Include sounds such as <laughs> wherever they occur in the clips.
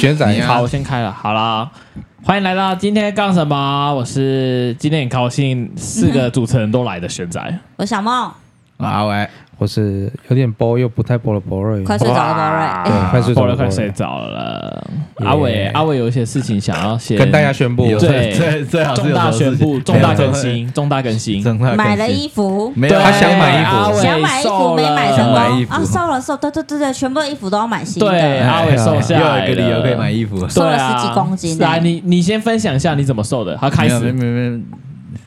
玄仔，一好，我先開了。好了，歡迎來到今天幹什麼？我是今天很高興，四個主持人都來的玄仔，我是小夢，我阿偉。或是有點播，又不太播了，播了，快睡着了，播了，快睡着了。阿偉，阿偉有一些事情想要先跟大家宣布。最最最好是重大宣布，重大更新，重大更新。買了衣服，沒有？他想買衣服，想買衣服沒買成功啊？瘦了，瘦，對對對，全部的衣服都要買新的。對，阿偉瘦下來又有一個理由可以買衣服，瘦了十幾公斤。來，你你先分享一下你怎麼瘦的，他開始。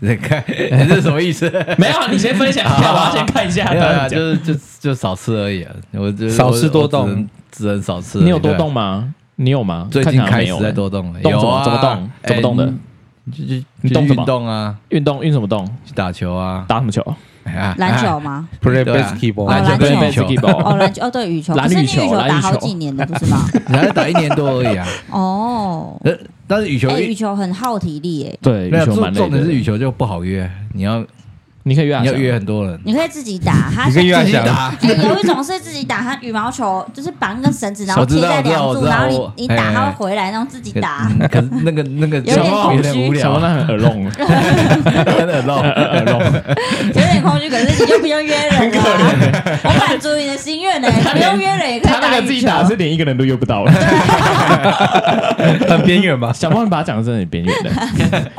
你看，這是什麼意思？沒有，你先分享一下吧？先看一下。對啊，就是就就少吃而已。我少吃多動，只能少吃。你有多動嗎？你有嗎？最近開始在多動了。有啊，怎麼動？怎麼動的？就是運動啊，運動運什麼動？去打球啊？打什麼球？籃球嗎？play basketball，play basketball。哦，籃球哦，對，羽球，籃球打好幾年的，不是嗎？才打一年多而已啊。哦。但是羽球，欸，羽球很耗體力誒、欸。對，沒有，重重點是羽球就不好約，你要。你可以約，你要約很多人。你可以自己打，他是自己打。哎，有一種是自己打，他羽毛球就是綁一根繩子，然後貼在梁柱，然後你你打，他會回來，然後自己打。可是那個那個有點無聊，那很耳聾，真的很聾，有點空虛，可是你又不用約人，很可憐。我滿足你的心願呢，不用約人，也可以，他那個自己打，是連一個人都約不到了。很邊緣吧？小胖，你把他講的真的很邊緣的，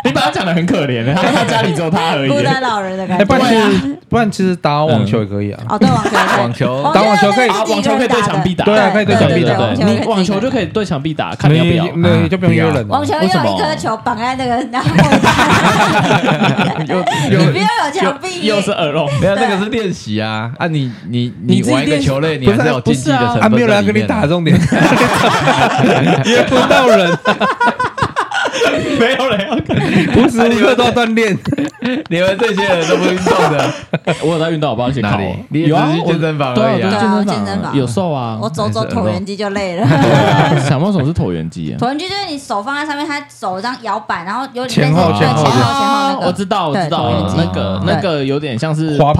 你把他講的很可憐的，他說他家裡只有他而已，孤單老人的感覺。哎，不然其實，不然其實打網球也可以啊。哦，對，網球，網球，打網球可以，網球可以對牆壁打。對啊，可以對牆壁打。你網球就可以對牆壁打，看你要不要，那就不用約人了。網球用一個球綁在那個，然後有，有牆壁，又是耳聾。沒有，那個是練習啊。啊，你你你玩一個球類，你還是有競技的成分在裡面啊，沒有人跟你打，重點。也丟到人。沒有嘞，不是你們多鍛煉，你們這些人都不運動的。我有在運動，我幫你一起考。你有去健身房？對對，健身房有瘦啊。我走走橢圓機就累了。小貓手是橢圓機，橢圓機就是你手放在上面，它走這樣搖板，然後有前後、前後、前後、前後。我知道，我知道，那個那個有點像是滑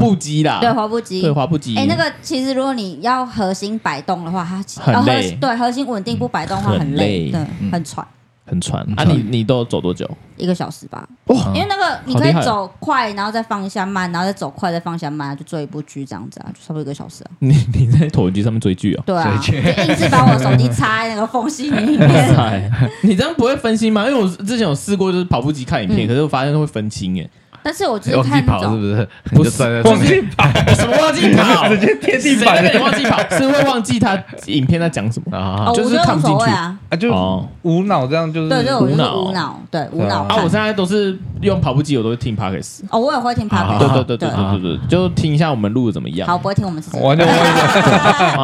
步機啦。對，滑步機。對，滑步機。哎，那個其實如果你要核心擺動的話，它很累。對，核心穩定不擺動的話很累，對，很喘。很喘啊你！你你都走多久？一個小時吧。哦、因為那個你可以走快，然後再放一下慢，哦、然後再走快，再放一下慢，就做一部劇這樣子啊，就差不多一個小時啊。你你在橢圓機上面追劇啊、哦？對啊，一直劇把我手機插在那個縫隙裡面。 <laughs> 你這樣不會分心嗎？因為我之前有試過，就是跑步機看影片，嗯、可是我發現會分心耶。但是我覺得，忘記跑，是不是？不是忘記跑，什麼忘記跑？直接貼地跑，直接忘記跑，是會忘記他影片在講什麼啊？就是無所謂啊，啊，就無腦這樣，就是對對無腦無腦對無腦啊！我現在都是用跑步機，我都會聽 Podcast 哦，我也會聽 Podcast。對對對對對對對，就聽一下我們錄的怎麼樣？好，不會聽我們自己的？完全不會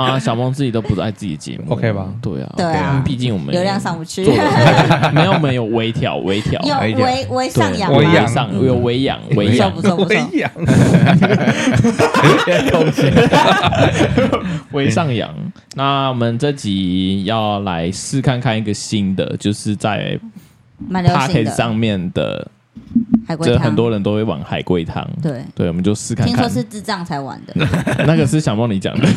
啊！小夢自己都不愛自己的節目，OK 吧？對啊，對啊，畢竟我們流量上不去，沒有沒有微調，微調微微上揚，微揚有微。微揚，微哈微哈，微，微，微上揚。嗯、那我們這集要來試看看一個新的，就是在 Podcast 上面的。這很多人都會玩海龜湯，對對，我們就試看看。聽說是智障才玩的，那個是想幫你講的，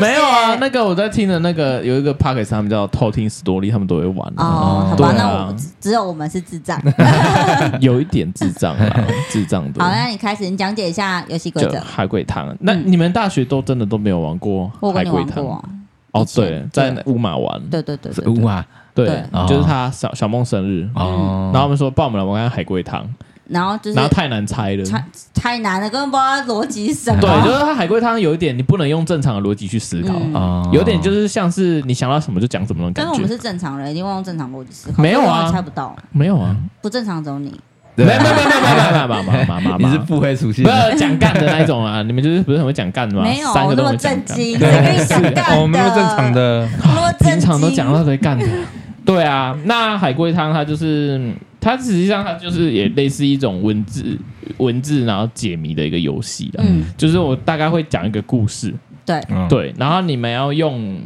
沒有啊。那個我在聽的，那個有一個 podcast，他們叫偷聽史多利，他們都會玩。哦，好吧，那只有我們是智障，有一點智障智障的。好，那你開始，你講解一下遊戲規則。海龜湯，那你們大學都真的都沒有玩過海龜湯？哦，對，在烏馬玩，對對對對，烏馬。對，就是他小小夢生日，然後他們說抱我們來玩海龜湯，然後就是然後太難猜了，太難了，根本不知道邏輯是什麼。對，就是他海龜湯有一點，你不能用正常的邏輯去思考，有點就是像是你想到什麼就講什麼的感覺。但是我們是正常人，一定會用正常邏輯思考。沒有啊，猜不到。沒有啊，不正常走你。沒有沒有沒有沒有沒有沒有沒有沒你是不會出戲，不是講乾的那一種啊！你們就是不是很會講乾的嗎？沒有，我那麼正經的，講乾的，我沒有正常的，那麼正經都講到嘴乾的。對啊，那海龜湯它就是，它實際上它就是也類似一種文字文字然後解謎的一個遊戲的，嗯，就是我大概會講一個故事，對，嗯、對，然後你們要用，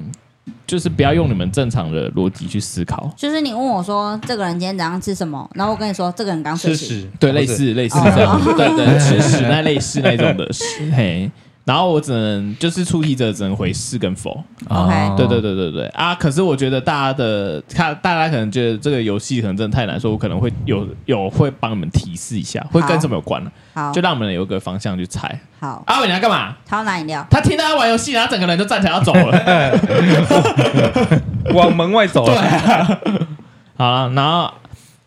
就是不要用你們正常的邏輯去思考，就是你問我說這個人今天早上吃什麼，然後我跟你說這個人剛吃屎，對，是類似類似這樣，對、哦、對，吃屎那類似那種的，嘿。然後我只能就是出題者只能回是跟否，OK，對對對對對啊！可是我覺得大家的看大家可能覺得這個遊戲可能真的太難，所以我可能會有有會幫你們提示一下，會跟什麼有關呢？好，就讓我們有個方向去猜。好，阿偉、啊、你要幹嘛？他要拿飲料。他聽到他玩遊戲，他整個人就站起來要走了， <laughs> <laughs> 往門外走了。對、啊， <laughs> 好了，然後。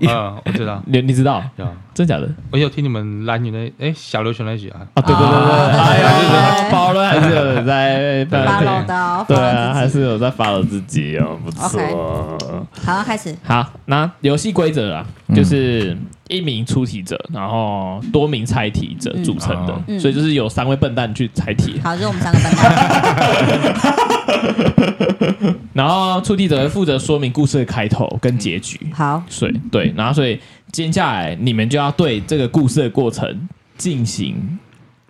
嗯，我知道你，你知道，真假的？我有聽你們男女那哎小劉傳那一句啊啊，對對對對，哎，對是發了還是有在發牢騷，對啊，還是有在發了自己哦，不錯。好，開始。好，那遊戲規則啊，就是一名出題者，然後多名猜題者組成的，所以就是有三位笨蛋去猜題。好，就是我們三個笨蛋。 <laughs> 然後出題者會負責說明故事的開頭跟結局。好，所以對，然後所以接下來你們就要對這個故事的過程進行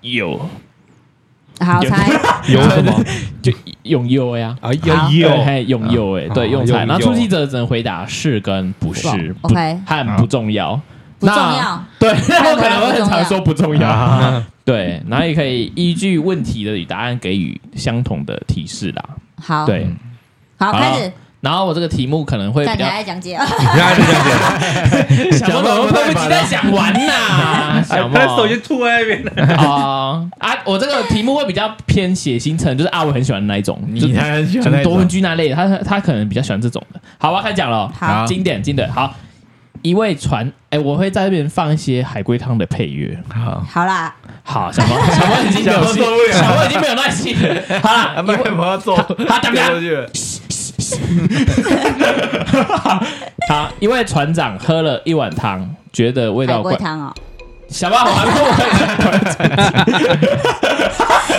有好猜有什麼 <laughs> 就用有呀啊有有哎用有好對用，有對用，然後出題者只能回答是跟不是，OK，很不，不重要。不重要，對，那我可能會很常說不重要，對，然後也可以依據問題的與答案給予相同的提示啦。好，對，好開始。然後我這個題目可能會讓大家講解，讓大家講解。小莫，我們迫不及待講完啦！小莫，手機吐在那了啊！啊，我這個題目會比較偏血腥，就是阿偉很喜歡那一種，你他很喜歡多文居那類，他他可能比較喜歡這種的。好，我要開講了，好，經典，經典，好。一位船，哎、欸，我會在這邊放一些海龜湯的配樂。好，好，啦好，好啦，好，小汪，小汪已經沒有，小汪已經沒有耐心，好了，因為我要做，他怎麼樣？好，一位船長喝了一碗湯，覺得味道怪。海龜湯哦，想辦法還過來。 <laughs> <laughs>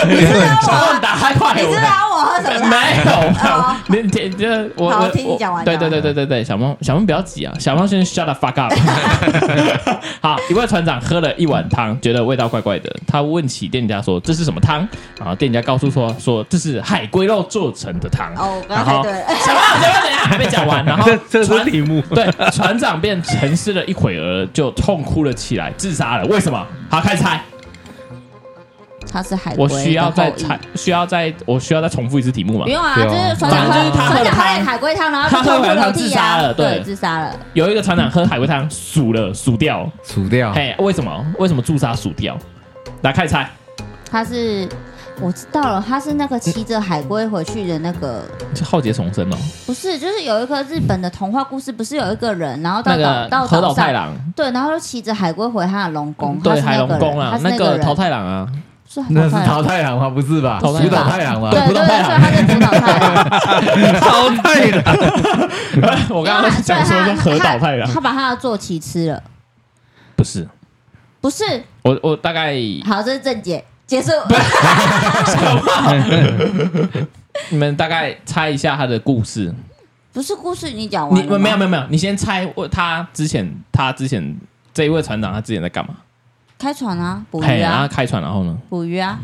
你知道我、啊？你知道我喝什麼？沒有。這我、oh. 我，好我，我聽你講完。對對對對對對。小貓小貓不要急啊！小貓先 shut the fuck up。 <laughs> 好，一位船長喝了一碗湯，覺得味道怪怪的，他問起店家說，這是什麼湯？啊，店家告訴說說這是海龜肉做成的湯。Oh, 然後還沒講完，然後這是題目。對，船長便沉思了一會兒，就痛哭了起來，自殺了。為什麼？好，開始猜。他是海龜，我需要再猜，需要再我需要再重複一次題目嗎？不用啊，就是船長，船長喝海龜湯，然後他喝完湯自殺了，對，自殺了。有一個船長喝海龜湯，死了死掉，死掉。嘿，為什麼？為什麼自殺死掉？來開始猜，他是，我知道了，他是那個騎着海龜回去的那個，是浩劫重生嗎？不是，就是有一個日本的童話故事，不是有一個人，然後那個桃島太郎，對，然後就騎着海龜回他的龍宮，對，海龍宮啊，那個桃太郎啊。是那是淘太陽嗎？不是吧？是討太陽嗎？對對，對他跟討太陽， <laughs> 泰的 <laughs> <laughs> 我剛剛是講說河核導太陽、啊。他把他的坐騎吃了。不是。不是。我我大概。好，這是正解。結束。你們大概猜一下他的故事。不是故事你講，你講完。沒有沒有沒有，你先猜。他之前，他之前，他之前這一位船長，他之前在幹嘛？開船啊，捕魚啊，開船，然後呢？捕魚啊，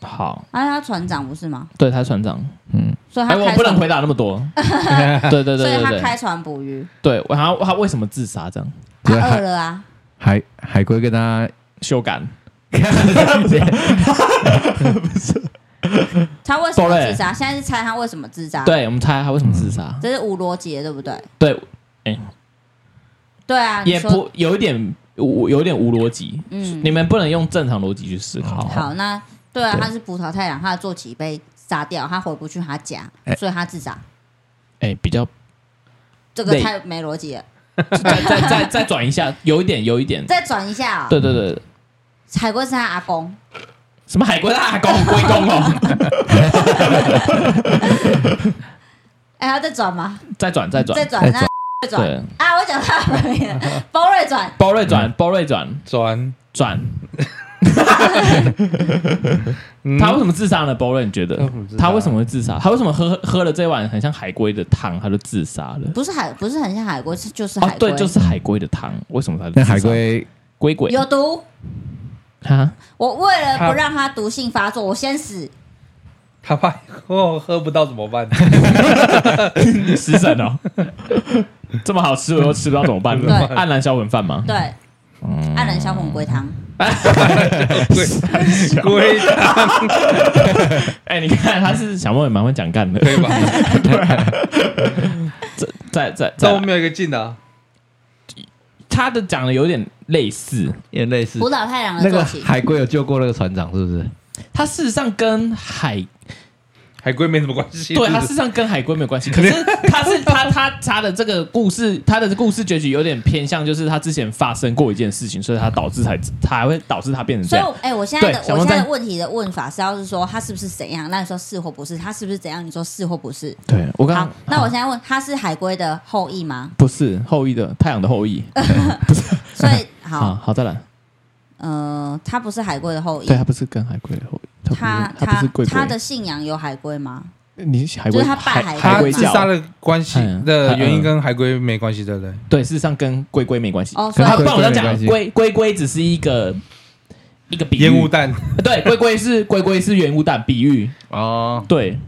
好。那他船長不是嗎？對，他是船長，嗯。所以我不能回答那麼多。對對對。所以他開船捕魚。對，然後他為什麼自殺？這樣。他餓了啊。海海龜跟他羞感。不是。他為什麼自殺？現在是猜他為什麼自殺。對，我們猜他為什麼自殺？這是無邏輯，對不對？對，哎。對啊，也不有一點。我有點無邏輯，嗯，你們不能用正常邏輯去思考。好，那對啊，他是葡萄太郎，他的坐騎被殺掉，他回不去他家，所以他自殺。哎，比較這個太沒邏輯了。再再再轉一下，有一點，有一點。再轉一下，對對對，海龜是他阿公，什麼海龜阿公龜公哦？哎，要再轉嗎？再轉，再轉，再轉，再轉。啊！我講他包瑞轉，包瑞轉，包瑞轉轉轉。他為什麼自殺呢？包瑞你覺得他為什麼會自殺？他為什麼喝喝了這碗很像海龜的湯，他就自殺了？不是海，不是很像海龜，是就是海對，就是海龜的湯。為什麼他？那海龜龜龜有毒啊！我為了不讓他毒性發作，我先死。他怕喝喝不到怎麼辦？失神哦，這麼好吃我都吃不到怎麼辦？黯然銷魂飯嗎？對，黯然銷魂龜湯。對，龜湯。哎，你看他是小莫也蠻會講乾的，可以吧？在在在我沒有一個進的。他的講的有點類似，有點類似。浦島太郎的那個海龜有救過那個船長，是不是？他事實上跟海海龜沒什麼關係，對，他事實上跟海龜沒關係。可是他是他他，他的這個故事，他的故事結局有點偏向，就是他之前發生過一件事情，所以他導致才他才會導致他變成這樣。所以，哎、欸，我現在的對我現在的問題的問法是要是說他是不是怎樣？那你說是或不是？他是不是怎樣？你說是或不是？對，我剛那我現在問好他是海龜的後裔嗎？不是後裔的太陽的後裔，所以好好，好，再來。呃，他不是海龜的後裔，對，他不是跟海龜的後裔，他他他的信仰有海龜嗎？你是海龜，就是他拜海龜，殺了關係的原因跟海龜沒關係的嘞，對，事實上跟龜龜沒關係。他不要這樣講，龜龜龜只是一個一個比喻、煙霧彈，對，龜龜是龜龜是煙霧彈比喻哦，對，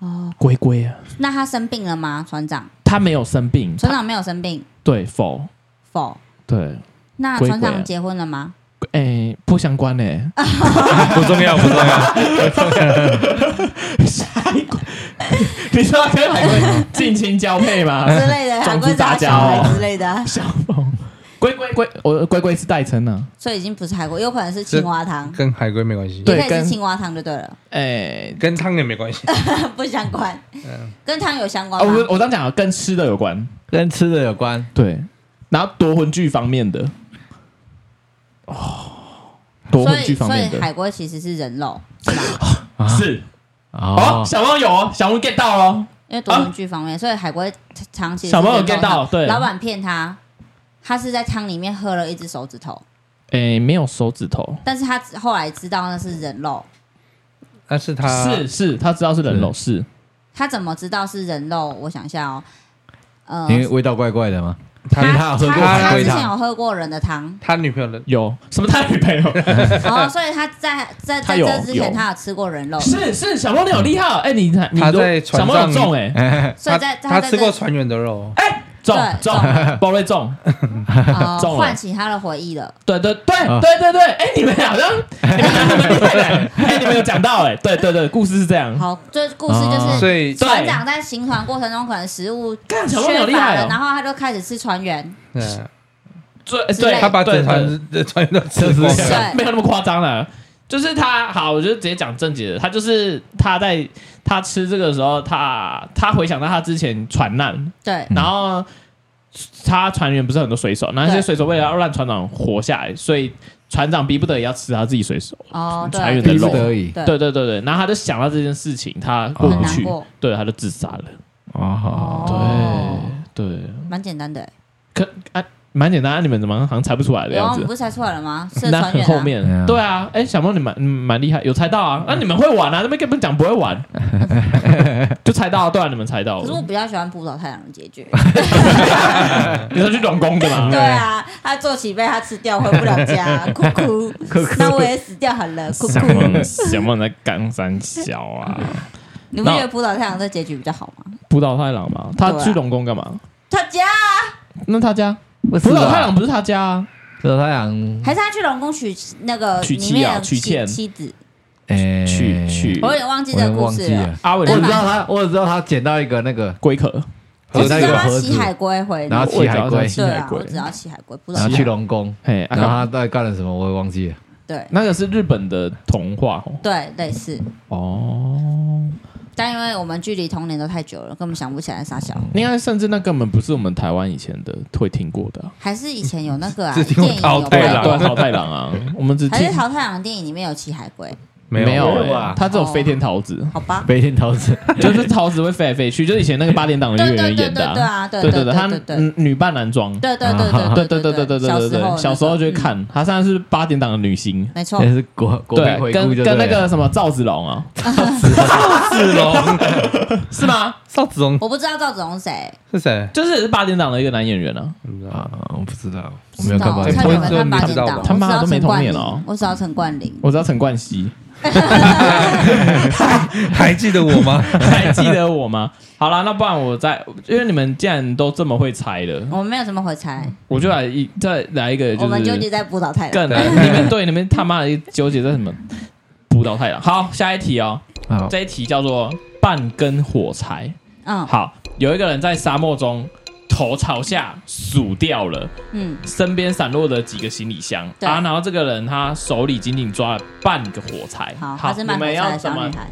哦，龜龜啊，那他生病了嗎？船長，他沒有生病，船長沒有生病，對，否否對。那船長結婚了嗎？龜龜啊欸、不相關哎、欸，不重要不重要，不相關。海龜， <laughs> <laughs> 你說跟海龜近親交配嗎？之類的，海龜雜交之類的、啊。小鵬，龜龜龜，我龜龜是代稱呢、啊，所以已經不是海龜，有可能是青蛙湯，跟海龜沒關係，對，是青蛙湯就對了。哎，欸、跟湯也沒關係，不相關。嗯，跟湯有相關嗎？啊、我我剛講了，跟吃的有關，跟吃的有關。對，然後奪魂鋸方面的。哦，所以所以海龜其實是人肉，是嗎？是哦，小汪有哦，小汪 get 到嘍。因為道具方面，所以海龜長期小汪有 get 到。對，老板騙他，他是在湯裡面喝了一只手指頭。誒，沒有手指頭。但是他後來知道那是人肉。但是他是是他知道是人肉，是他怎麼知道是人肉？我想一下哦，嗯，因為味道怪怪的嘛。他他他之前有喝過人的湯，他女朋友的有什麼？他女朋友哦， <laughs> <laughs> oh, 所以他在在在,在這之前，他有吃過人肉。是是，小貓你好厲害，哎、欸，你你都在船上小貓重哎、欸欸，他在他吃過船員的肉，哎、欸。重重包瑞重，重喚起他的回憶了。對對對對對對，哎，你們好像，你們有講到哎，對對對，故事是這樣。好，這故事就是，所以船長在行船過程中可能食物缺乏了，然後他就開始吃船員。對，對他把整船的船員都吃光了，沒有那麼誇張了。就是他好，我就直接講正經的，他就是他在。他吃這個的時候，他他回想到他之前船難，對，然後他船員不是很多水手，然後那些水手為了要讓船長活下來，所以船長逼不得已要吃他自己水手，哦，船員的肉，而已對對對對，然後他就想到這件事情，他過不去，哦、對，他就自殺了，啊，對對，蠻簡單的，可蠻簡單，你們怎麼好像猜不出來的樣子？我們不是猜出來了嗎？那很後面對啊！哎，小夢你蠻蠻厲害，有猜到啊！那你們會玩啊？那邊根本講不會玩，就猜到。對啊，你們猜到。可是我比較喜歡浦島太郎的結局。你是去龍宮對嗎？對啊，他坐騎被他吃掉，回不了家，哭哭。那我也死掉好了，哭哭。小小夢在講三小啊？你不覺得浦島太郎的結局比較好嗎？浦島太郎嘛，他去龍宮幹嘛？他家。那他家？浦島太郎不是他家，浦島太郎還是他去龍宮娶那個娶妻啊，娶妻妻子，去去，我也忘記這個故事了，阿偉，我知道他，我只知道他撿到一個那個龜殼，撿到一個盒子，騎海龜回來，騎海龜，騎海龜，我只要騎海龜，不是去龍宮，嘿，然後他到底幹了什麼？我也忘記了。對，那個是日本的童話，對，類似哦。但因為我們距離童年都太久了，根本想不起來啥小。你應該甚至那根本不是我們台灣以前的會聽過的，啊，還是以前有那個啊 <laughs> 聽電影有桃桃太郎啊， <laughs> 我們只聽還是桃太郎電影裡面有騎海龜？沒有，他只有飛天桃子，好吧？飛天桃子就是桃子會飛來飛去，就以前那個八點檔的女演員演的，對啊，對對對，她女扮男裝，對對對對對對對對對對。小時候就會看，她現在是八點檔的女星，沒錯，也是國國。對，跟跟那個什麼趙子龍啊，趙子龍是嗎？趙子龍，我不知道趙子龍是誰，是誰？就是八點檔的一個男演員啊，我不知道，我沒有看過，八點檔，他媽的都沒同臉哦，我知道陳冠霖，我知道陳冠希。 <laughs> <laughs> 還記得我嗎？ <laughs> 還記得我嗎？好啦，那不然我再，因為你們既然都這麼會猜的，我沒有什麼會猜，我就來一再來一個，就是我們糾結在捕到太陽，你們 <laughs> 對你們他媽的糾結在什麼捕到太陽？好，下一題哦，好這一題叫做半根火柴。嗯，好，有一個人在沙漠中。頭朝下數、嗯、掉了，嗯，身邊散落的幾個行李箱，對、嗯啊、然後這個人他手裡緊緊抓了半個火柴，好，還是賣火柴的小女孩、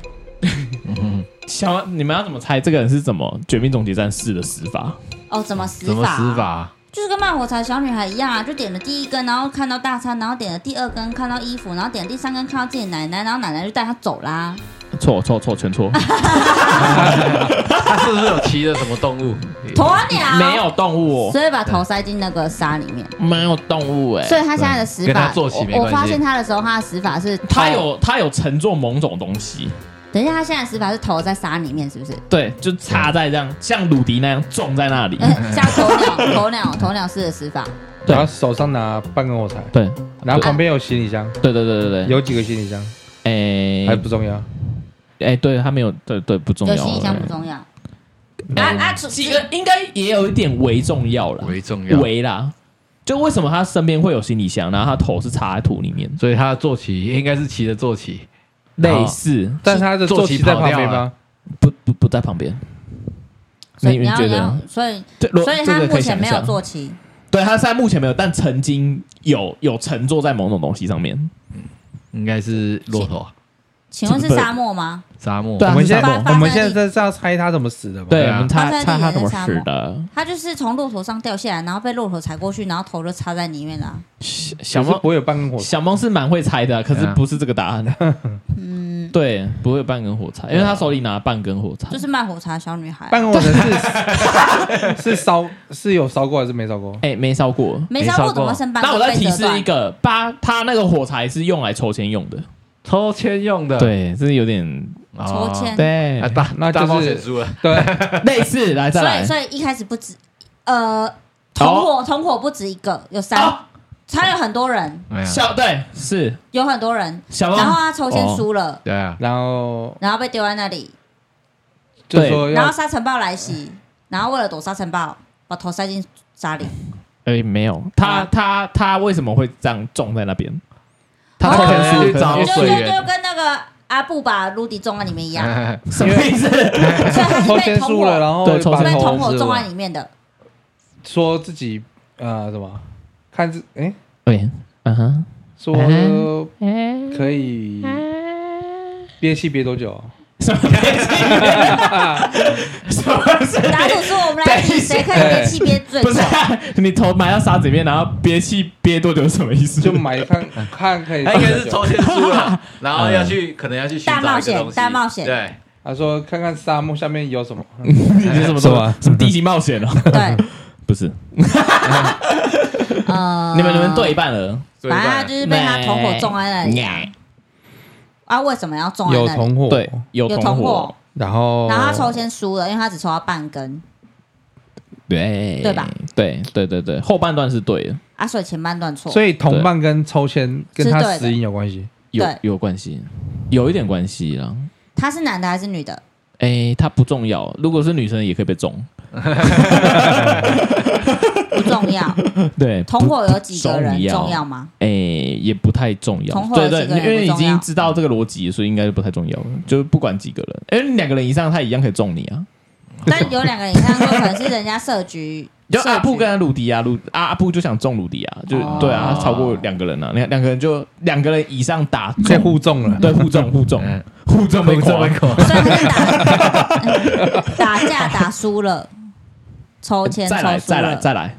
嗯。小，你們要怎麼猜這個人是怎麼《絕命終結站四》的死法？哦，怎麼死？怎麼死法？死法就是跟賣火柴的小女孩一樣啊，就點了第一根，然後看到大餐，然後點了第二根看到衣服，然後點了第三根看到自己奶奶，然後奶奶就帶她走啦。錯錯錯，全錯！他是不是有騎著什麼動物？鴕鳥，沒有動物，所以把頭塞進那個沙裡面。沒有動物哎，所以他現在的死法，我發現他的時候，他的死法是他有他有乘坐某種東西。等一下，他現在死法是頭在沙裡面，是不是？對，就插在這樣，像魯迪那樣撞在那裡。像鴕鳥，鴕鳥，鴕鳥式的死法。對，他手上拿半根火柴。對，然後旁邊有行李箱。對對對對對，有幾個行李箱？哎，還不重要。哎、欸，對他沒有，對對，對不重要了。行李箱不重要，啊啊！啊幾個是應該也有一點微重要了，微重要，微啦。就為什麼他身邊會有行李箱，然後他頭是插在土裡面，所以他的坐騎應該是騎著坐騎，類似好。但他的坐騎在旁邊嗎？不不不在旁邊。所以你，你覺得？所以所以他目前沒有坐騎。對他現在目前沒有，但曾經有有乘坐在某種東西上面。應該是駱駝。請問是沙漠嗎？沙漠。我們現在我們現在在在猜他怎麼死的。對啊，猜他怎麼死的。他就是從駱駝上掉下來，然後被駱駝踩過去，然後頭就插在裡面了。小貓不會有半根火柴。小貓是蠻會猜的，可是不是這個答案。嗯，對，不會半根火柴，因為他手裡拿半根火柴。就是賣火柴小女孩。半根火柴是是燒是有燒過還是沒燒過？哎，沒燒過。沒燒過怎麼剩半？那我再提示一個八，他那個火柴是用來抽籤用的。抽籤用的，對，這是有點抽籤，對，大那就是輸了，對，類似來着。所以所以一開始不止，呃，同夥同夥不止一個，有三，還有很多人。小對是有很多人，小，然後他抽籤輸了，對啊，然後然後被丟在那裡，對，然後沙塵暴來襲，然後為了躲沙塵暴，把頭塞進沙裡。誒，沒有，他他他為什麼會這樣種在那邊？他偷天書，就就跟那個阿布把盧迪種在裡面一樣，哎哎哎，是什麼意思？偷天書了，然後從這邊捅我，在裡面的。說自己呃什麼？看自哎對，欸、嗯哼，啊啊、說可以憋氣憋多久？什麼憋氣？打賭說，我們來比誰可以憋氣憋最久。不是，你頭埋到沙子裡面，然後憋氣憋多久什麼意思？就埋看看可以。他應該是抽籤輸了，然後要去可能要去大冒險，大冒險。對，他說看看沙漠下面有什麼。你是什麼說？什麼地級冒險了？對，不是。你們你們對半了，反正就是被他同夥中了兩。啊！為什麼要中？有同夥，對，有同夥。同夥然後，然後他抽籤輸了，因為他只抽到半根。對,對,吧對，對吧？對，對，對，對，後半段是對的。啊，所以前半段錯。所以同伴跟抽籤跟他死因有關係，有對有關係，有一點關係了。他是男的還是女的？哎、欸，他不重要。如果是女生，也可以被中。 <laughs> <laughs> 不重要，對同夥有幾個人重要嗎？哎，也不太重要。對對，因為已經知道這個邏輯，所以應該就不太重要了。就是不管幾個人，哎，兩個人以上他一樣可以中你啊。但有兩個人以上，就可能是人家設局。就阿布跟魯迪亞，魯，阿布就想中魯迪亞，就對啊，超過兩個人啊。兩兩個人就兩個人以上打，再互中了，對，互中互中，互中沒過。打架打輸了，抽籤，再來，再來，再來。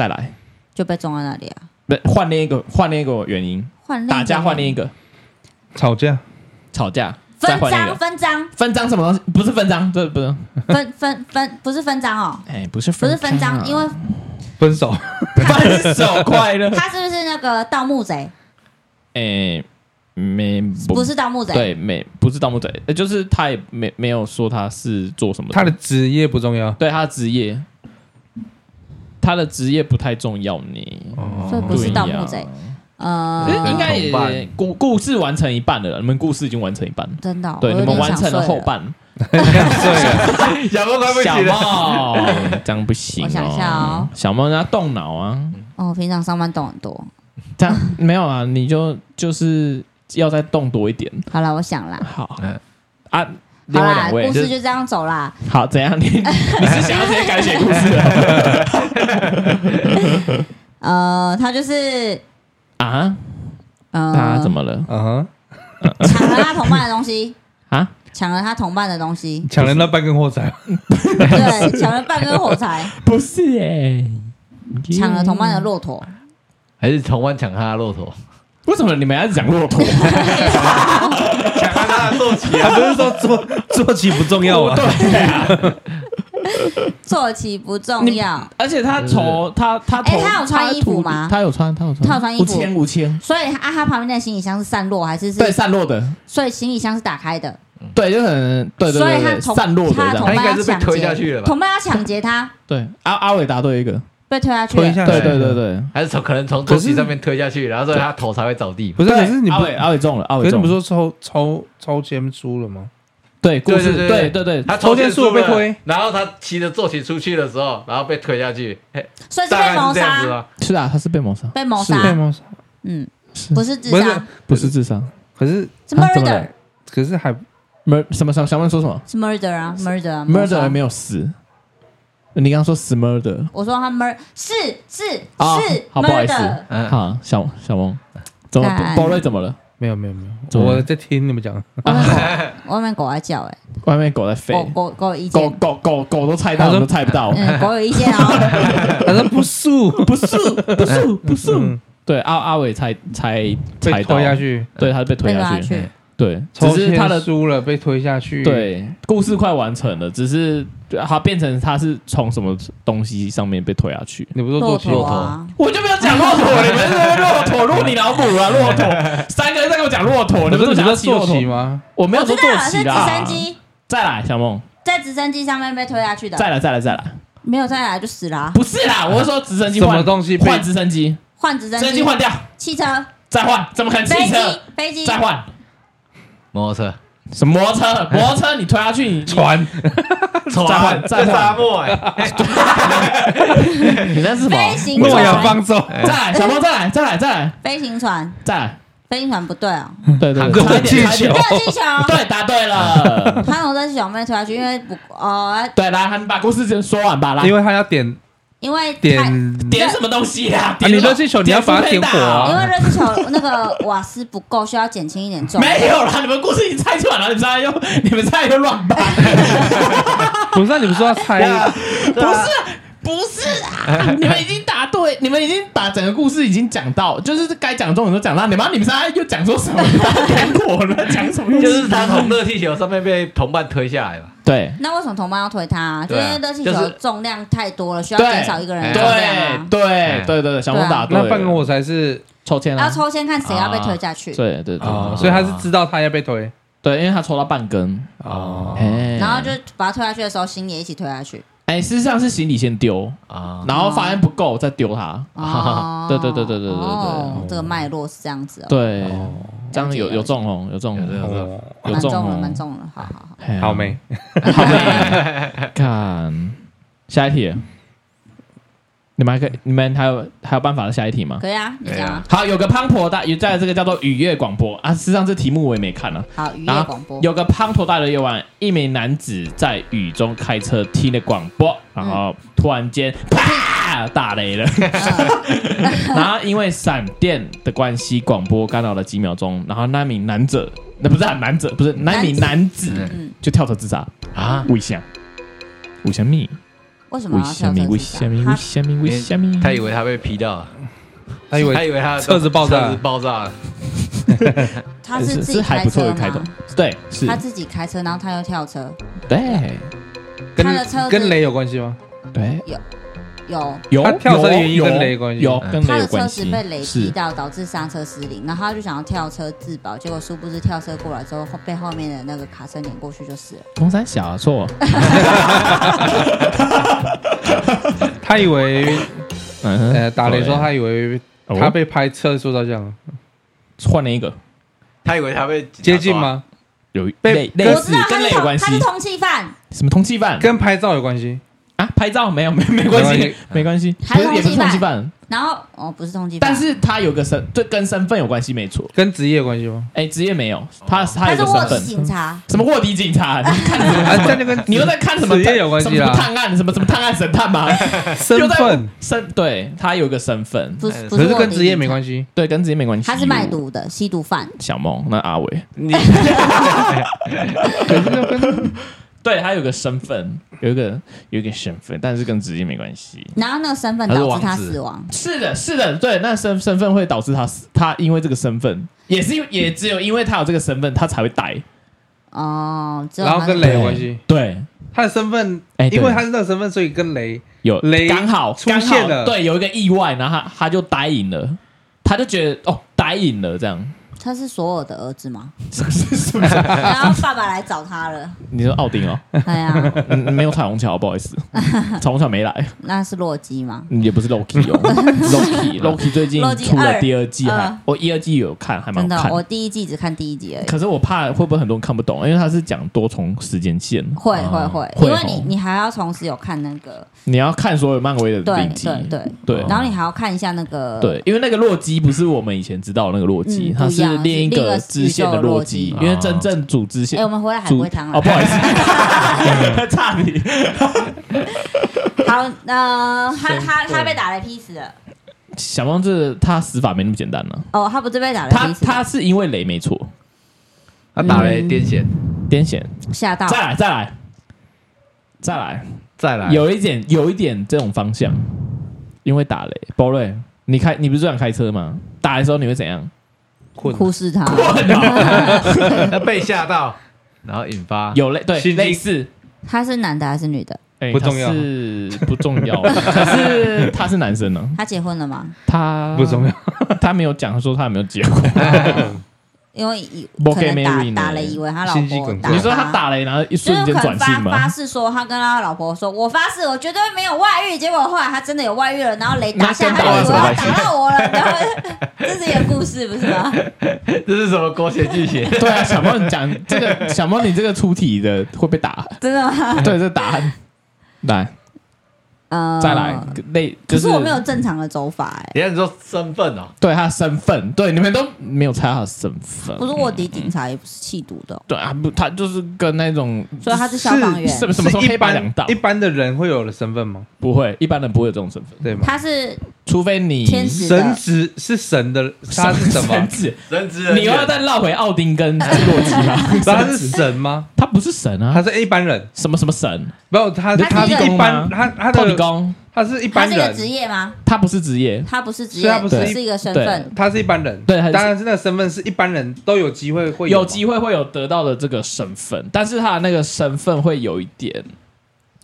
再來，就被裝在那裡啊！不換另一個，換另一個原因，打架換另一個，吵架吵架，分贓分贓分贓什麼東西？不是分贓，這不是分分分，不是分贓哦！哎，不是不是分贓，因為分手分手快樂。他是不是那個盜墓賊？哎，沒不是盜墓賊，對，沒不是盜墓賊，呃，就是他也沒沒有說他是做什麼，他的職業不重要，對，他的職業。他的職業不太重要呢，所以不是盜墓賊，呃，應該也故故事完成一半了，你們故事已經完成一半，真的，對，你們完成了後半，對小貓，小貓，這樣不行，我想一下哦，小貓要動腦啊，哦，平常上班動很多，這樣沒有啊，你就就是要再動多一點，好了，我想了，好，啊。好啦，故事就這樣走啦。好，怎樣？你你是想要直接改寫故事？呃，他就是啊，他怎麼了？啊？搶了他同伴的東西啊？搶了他同伴的東西，搶了那半根火柴？對，搶了半根火柴。不是耶！搶了同伴的駱駝？還是同伴搶他的駱駝？為什麼你們要講駱駝？啊、他他的坐騎、啊， <laughs> 不是說坐坐騎不重要啊！ <laughs> 坐騎不重要， <laughs> 而且他從他他哎，欸、他有穿衣服嗎？他有穿，他有穿，他有穿衣服。五千五千，所以阿、啊、他旁邊那行李箱是散落還是，是對散落的？所以行李箱是打開的，對，就很對，對，所以他同散落的，他應該是被推下去了，下去了，同伴要搶劫他，對，阿阿偉答對一個。被推下去，對對對對，還是從可能從坐騎上面推下去，然後所以他頭才會着地。不是，可是你阿偉阿偉中了，阿偉中了。可是你不是說抽抽抽籤輸了嗎？對，對對對對對，他抽籤輸了被推，然後他騎着坐騎出去的時候，然後被推下去，算是被謀殺。是啊，他是被謀殺，被謀殺，嗯，不是自殺，不是自殺。可是什麼？可是還沒什麼？想想問說什麼？murder 是啊，murder murder 還沒有死。你剛剛說 murder，我說他 m 是是是，好不好意思，好，小小王，怎麼不包瑞？怎麼了？沒有沒有沒有，我在聽你們講。外面狗在叫哎，外面狗在吠。狗狗狗狗狗都猜到，都猜不到。嗯，狗有意見啊。反正不是不是不是不是，對阿阿偉才才才推下去，對，他是被推下去。對，只是他的輸了被推下去。對，故事快完成了，只是他變成他是從什麼東西上面被推下去？你不是坐騎駱駝、啊？我就沒有講駱駝，你們是駱駝入你腦補啊，駱駝。三個人在跟我講駱駝，你不是講坐騎嗎？我沒有說坐騎機。再來，小夢、啊、在直升機上面被推下去的。再來，再來，再來，來沒有再來就死了、啊。不是啦，我是說直升機換什麼東西？換直升機，換直升機，換掉。汽車再換，怎麼可能？汽車。飛機再換。摩托車？什麼摩托車？摩托車？你推下去？你船？再換，再換？哎，你那是飛行方舟？在小峰，再來，再來，再來！飛行船，再來？飛行船不對哦，對對對，氣球，對，答對了。潘永真小妹推下去，因為不哦，對，來，你把故事先說完吧，來，因為他要點。因為太點對 點什麼東西啊？點啊，你熱氣球你要把它點火，啊？啊、因為熱氣球那個瓦斯不夠，需要減輕一點重量。沒有啦，你們故事已經猜出來了，你們在用，你們在用亂掰，不是，啊、你們說要猜？啊、不是。不是啊，你們已經答對，你們已經把整個故事已經講到，就是該講重點都講到。你嘛，你們現在又講出什麼？半根講什麼？就是他從熱氣球上面被同伴推下來了。對。那為什麼同伴要推他？因為熱氣球重量太多了，需要減少一個人重量。對對對對對，小木答對。那半根火柴才是抽籤，然後抽籤看誰要被推下去。對對對，所以他是知道他要被推，對，因為他抽到半根哦。然後就把他推下去的時候，心也一起推下去。哎，誒事實際上是行李先丟啊，uh, 然後發現不夠、oh. 再丟它。Oh. 對對對對對對對，oh. Oh, 這個脈絡是這樣子、哦。對，oh. 這樣有有重哦，有重，yeah, oh. 有重、哦，有、oh. 重了，蠻重了。好好好，好美，好美。看，下一題。你們還可以，你們還有還有辦法的下一題嗎？可以啊，你啊。好，有個滂沱大雨，也在這個叫做雨夜廣播啊。實際上這題目我也沒看呢、啊。好，雨夜廣播有個滂沱大的夜晚，一名男子在雨中開車聽的廣播，然後、嗯、突然間啪打雷了， <laughs> <laughs> 然後因為閃電的關係，廣播干擾了幾秒鐘，然後那名男子那不是、啊、男、不是男子不是那名男子就跳車自殺、嗯、啊？五項五項秘。為什麼要跳車？他他以為他被劈掉了，他以為他車子爆炸了。他是自己開車嗎？對，是他自己開車，然後他又跳車。對，跟他的車跟雷有關係嗎？對，有。有有有有有，有，有，他跳車原因跟雷有關係。他的車子被雷擊到，導致剎車失靈，是然後他就想要跳車自保，結果殊不知跳車過來之後被後面的那個卡車碾過去就死了。衝三小。錯。錯 <laughs> <laughs> 他以為呃打雷說他以為他被拍車說到這樣，換了、哦、一個，他以為他被接近嗎？有被雷死，跟雷有關係？他跟通緝犯？什麼通緝犯？跟拍照有關係？啊，拍照沒有沒沒關係，沒關係，不是也是通緝犯。然後哦，不是通緝犯，但是他有個身，對，跟身份有關係，沒錯，跟職業有關係嗎？哎，職業沒有，他他有個身份，警察，什麼臥底警察？你看你在你又在看什麼職業有關係了？探案什麼什麼探案神探嗎？身份身對他有個身份，不是可是跟職業沒關係，對，跟職業沒關係。他是賣毒的，吸毒犯。小萌，那阿偉，你，對他有個身份，有一個有一個身份，但是跟職業沒關係。然後那個身份導致他死亡。是，是的，是的，對，那身身份會導致他死，他因為這個身份，也是因為也只有因為他有這個身份，他才會呆。哦，只有然後跟雷有關係。對，對對他的身份，哎、欸，因為他是那個身份，所以跟雷有雷出現剛好剛好了。對，有一個意外，然後他，他就呆贏了，他就覺得哦，呆贏了這樣。他是索爾的兒子嗎？是不是？然後爸爸來找他了。你說奧丁哦？哎呀，沒有彩虹橋，不好意思，彩虹橋沒來。那是洛基嗎？也不是洛基哦，洛基，洛基最近出了第二季哈。我一、二季有看，還蠻好看。真的？我第一季只看第一集而已。可是我怕會不會很多人看不懂，因為他是講多重時間線。會會會，因為你你還要同時有看那個，你要看所有漫威的，對對對對，然後你還要看一下那個，對，因為那個洛基不是我們以前知道的那個洛基，他是。是另一個支線的邏輯，因為真正主支線哎，我們回來海龜湯哦，不好意思，他差你好。那他他他被打雷劈死了，小王子他死法沒那麼簡單呢。哦，他不是被打雷，他他是因為雷沒錯，他打雷癲癇癲癇嚇到，再來再來再來再來，有一點有一點這種方向，因為打雷。博瑞，你開你不是喜歡開車嗎？打的時候你會怎樣？忽視他，被嚇到，然後引發有類，對，類似。他是男的還是女的？不重要，是不重要。可是他是男生呢？他結婚了嗎？他不重要，他沒有講說他有沒有結婚。因為以，Boke 可能打打雷以為他老婆，你說他打了然後一瞬間轉性嗎？發誓說他跟他老婆說，我發誓我絕對沒有外遇，結果後來他真的有外遇了，然後雷打下他以為要打到我了，然後這是有故事不是嗎？這是什麼狗血劇情？對啊，小夢，你講這個小夢，你這個出題的會被打，真的嗎？對，這答案來。呃，再來，那，可是我沒有正常的走法哎。別人說身份哦，對，他的身份，對，你們都沒有猜他的身份，不是臥底警察，也不是吸毒的，對啊，不，他就是跟那種，所以他是消防員，什麼什麼黑白兩道，一般的人會有了身份嗎？不會，一般人不會有這種身份，對嗎？他是，除非你神職是神的，他是什麼？神職，神職，你又要再繞回奧丁跟洛基嗎？他是神嗎？他不是神啊，他是一般人，什麼什麼神？沒有，他他是一般，他他的。他是一般人。職業嗎？他不是職業，他不是職業，他不是，對是一個身份。他是一般人，對，當然是那個身份是一般人都有機會，會有，有機會會有得到的這個身份，但是他的那個身份會有一點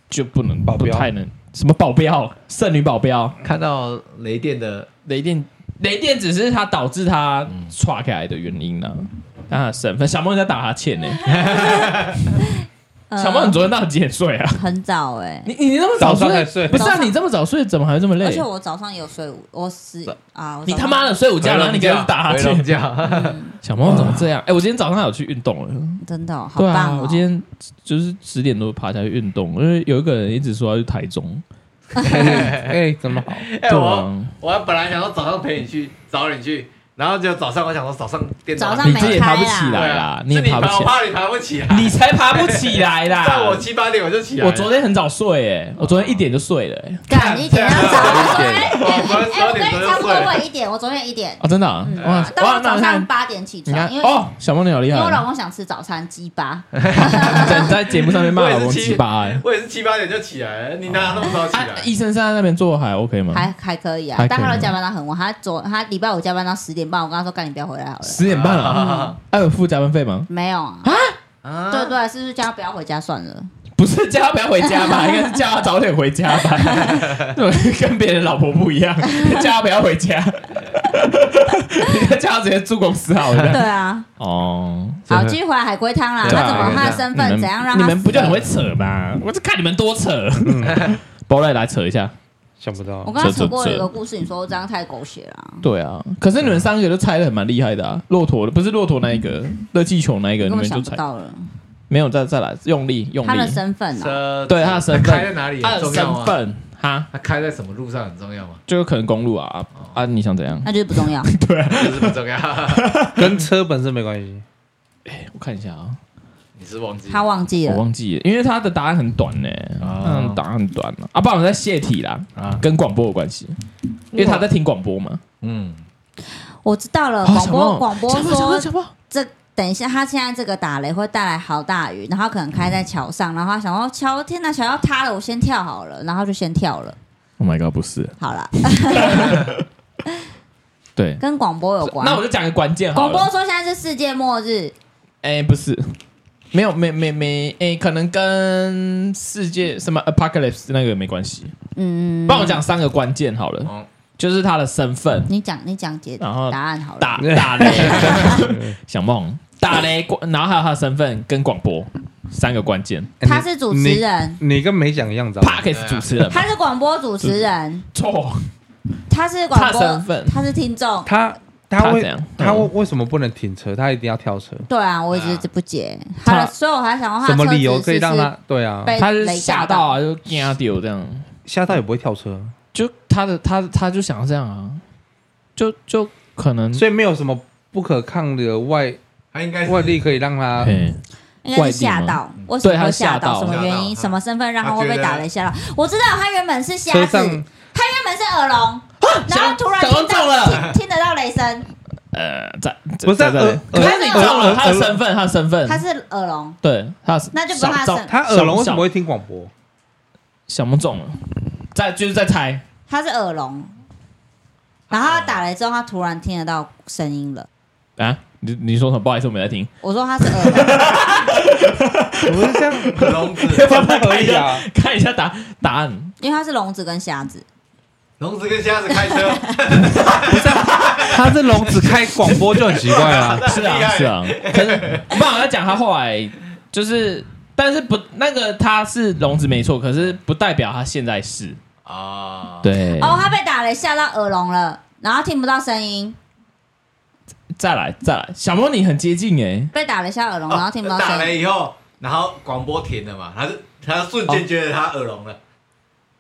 就不能，保鏢不太能什麼保鏢，剩女保鏢，看到雷電的雷電，雷電只是他導致他踹開的原因呢。啊，嗯、但他的身份，小貓在打哈欠呢、欸。 <laughs> <laughs> 小貓，你昨天到底幾點睡啊？很早哎，你你那麼早睡，不是？你這麼早睡，怎麼還這麼累？而且我早上有睡午，我十啊，你他媽的睡午覺，然後你跟人打哈欠，小貓怎麼這樣？哎，我今天早上有去運動了，真的好棒！我今天就是十點多爬起來運動，因為有一個人一直說要去台中，哎，怎麼好！哎，我我本來想說早上陪你去找你去。然後就早上我想說早上早上，你自己爬不起來啦，我怕你爬不起來，你才爬不起來啦。在我七八點我就起來，我昨天很早睡誒，我昨天一點就睡了。趕一點要早睡點，我們十差不多晚一點，我昨天一點。哦，真的？哇，早上八點起床。哦，小夢你好厲害。我老公想吃早餐雞巴。你在節目上面罵老公雞巴誒，我也是七八點就起來。你哪那麼早起來？醫生現在那邊做還 OK 嗎？還還可以啊，但他的加班到很晚，他昨他禮拜五加班到十點半，我剛剛說趕緊不要回來好了。十點半了，他有付加班費嗎？沒有啊。啊？對對，是不是叫他不要回家算了。不是叫他不要回家吧？應該是叫他早點回家吧？對，跟別人老婆不一樣，叫他不要回家。應該叫他直接住公司好了。對啊。哦。好，繼續回來海龜湯啦。他怎麼？他換身份怎樣？讓你們不就很會扯嗎？我就看你們多扯。包奈來扯一下。想不到，我剛剛講過一個故事，你說這樣太狗血了，啊。對啊，可是你們三個都猜得蠻厲害的啊！駱駝的不是駱駝那一個，熱氣球那一個，你們就猜到了。沒有，再再來用力用力。用力他的身份呢，啊？對，他的身份開在哪裡，啊？他的，啊，身份，哈，他開在什麼路上很重要嗎？就有可能公路啊啊！你想怎樣？那就是不重要。 <laughs> 對，啊， <laughs> 就是不重要，啊，跟車本身沒關係。哎，欸，我看一下啊。他忘記了，我忘記了，因為他的答案很短呢。嗯，答案很短了啊，不然我在洩題啦，跟廣播有關係，因為他在聽廣播嘛。嗯，我知道了。廣播，廣播說，這等一下，他現在這個打雷會帶來好大雨，然後可能開在橋上，然後他想說，橋天哪，橋要塌了，我先跳好了，然後就先跳了。Oh my god，不是。好了。對，跟廣播有關。那我就講個關鍵。廣播說現在是世界末日。哎，不是。沒有，沒沒沒，哎，可能跟世界什麼 apocalypse 那個沒關係。嗯，幫我講三個關鍵好了，就是他的身份。你講，你講解，然後答案好了。打雷，想夢，打雷。然後還有他的身份跟廣播三個關鍵。他是主持人。你跟沒講一樣 Podcast 主持人。他是廣播主持人。錯。他是廣播他是聽眾。他。他會，他為為什麼不能停車？他一定要跳車？對啊，我一直不解。他了，所以我還想問，他，什麼理由可以讓他？對啊，他是嚇到啊，就阿迪歐這樣，嚇到也不會跳車。就他的，他他就想要這樣啊，就就可能，所以沒有什麼不可抗的外，他應該外力可以讓他，嗯，應該是嚇到，為什麼嚇到？什麼原因？什麼身份？讓他會被打雷嚇到。我知道，他原本是瞎子，他原本是耳聾。然後突然聽到聽聽得到雷聲，呃，在不是耳，可是中了他的身份，他的身份，他是耳聾，對，他那就不怕他耳聾為什麼會聽廣播？想不中了，就是在猜，他是耳聾，然後他打雷之後，他突然聽得到聲音了啊！你你說什麼？不好意思，我沒在聽。我說他是耳聾，我是這樣，聾子可以啊，看一下答答案，因為他是聾子跟瞎子。聾子跟瞎子開車， <laughs> 不是啊、他是聾子開廣播就很奇怪啊！是啊 <laughs> 是啊，我們好像講他後來就是，但是不那個他是聾子沒錯，可是不代表他現在是啊，哦對哦，他被打雷嚇到耳聾了，然後聽不到聲音。再來再來，小魔女很接近哎，被打了一下耳聾，然後聽不到聲音。打雷以後，然後廣播停了嘛，他他瞬間覺得他耳聾了。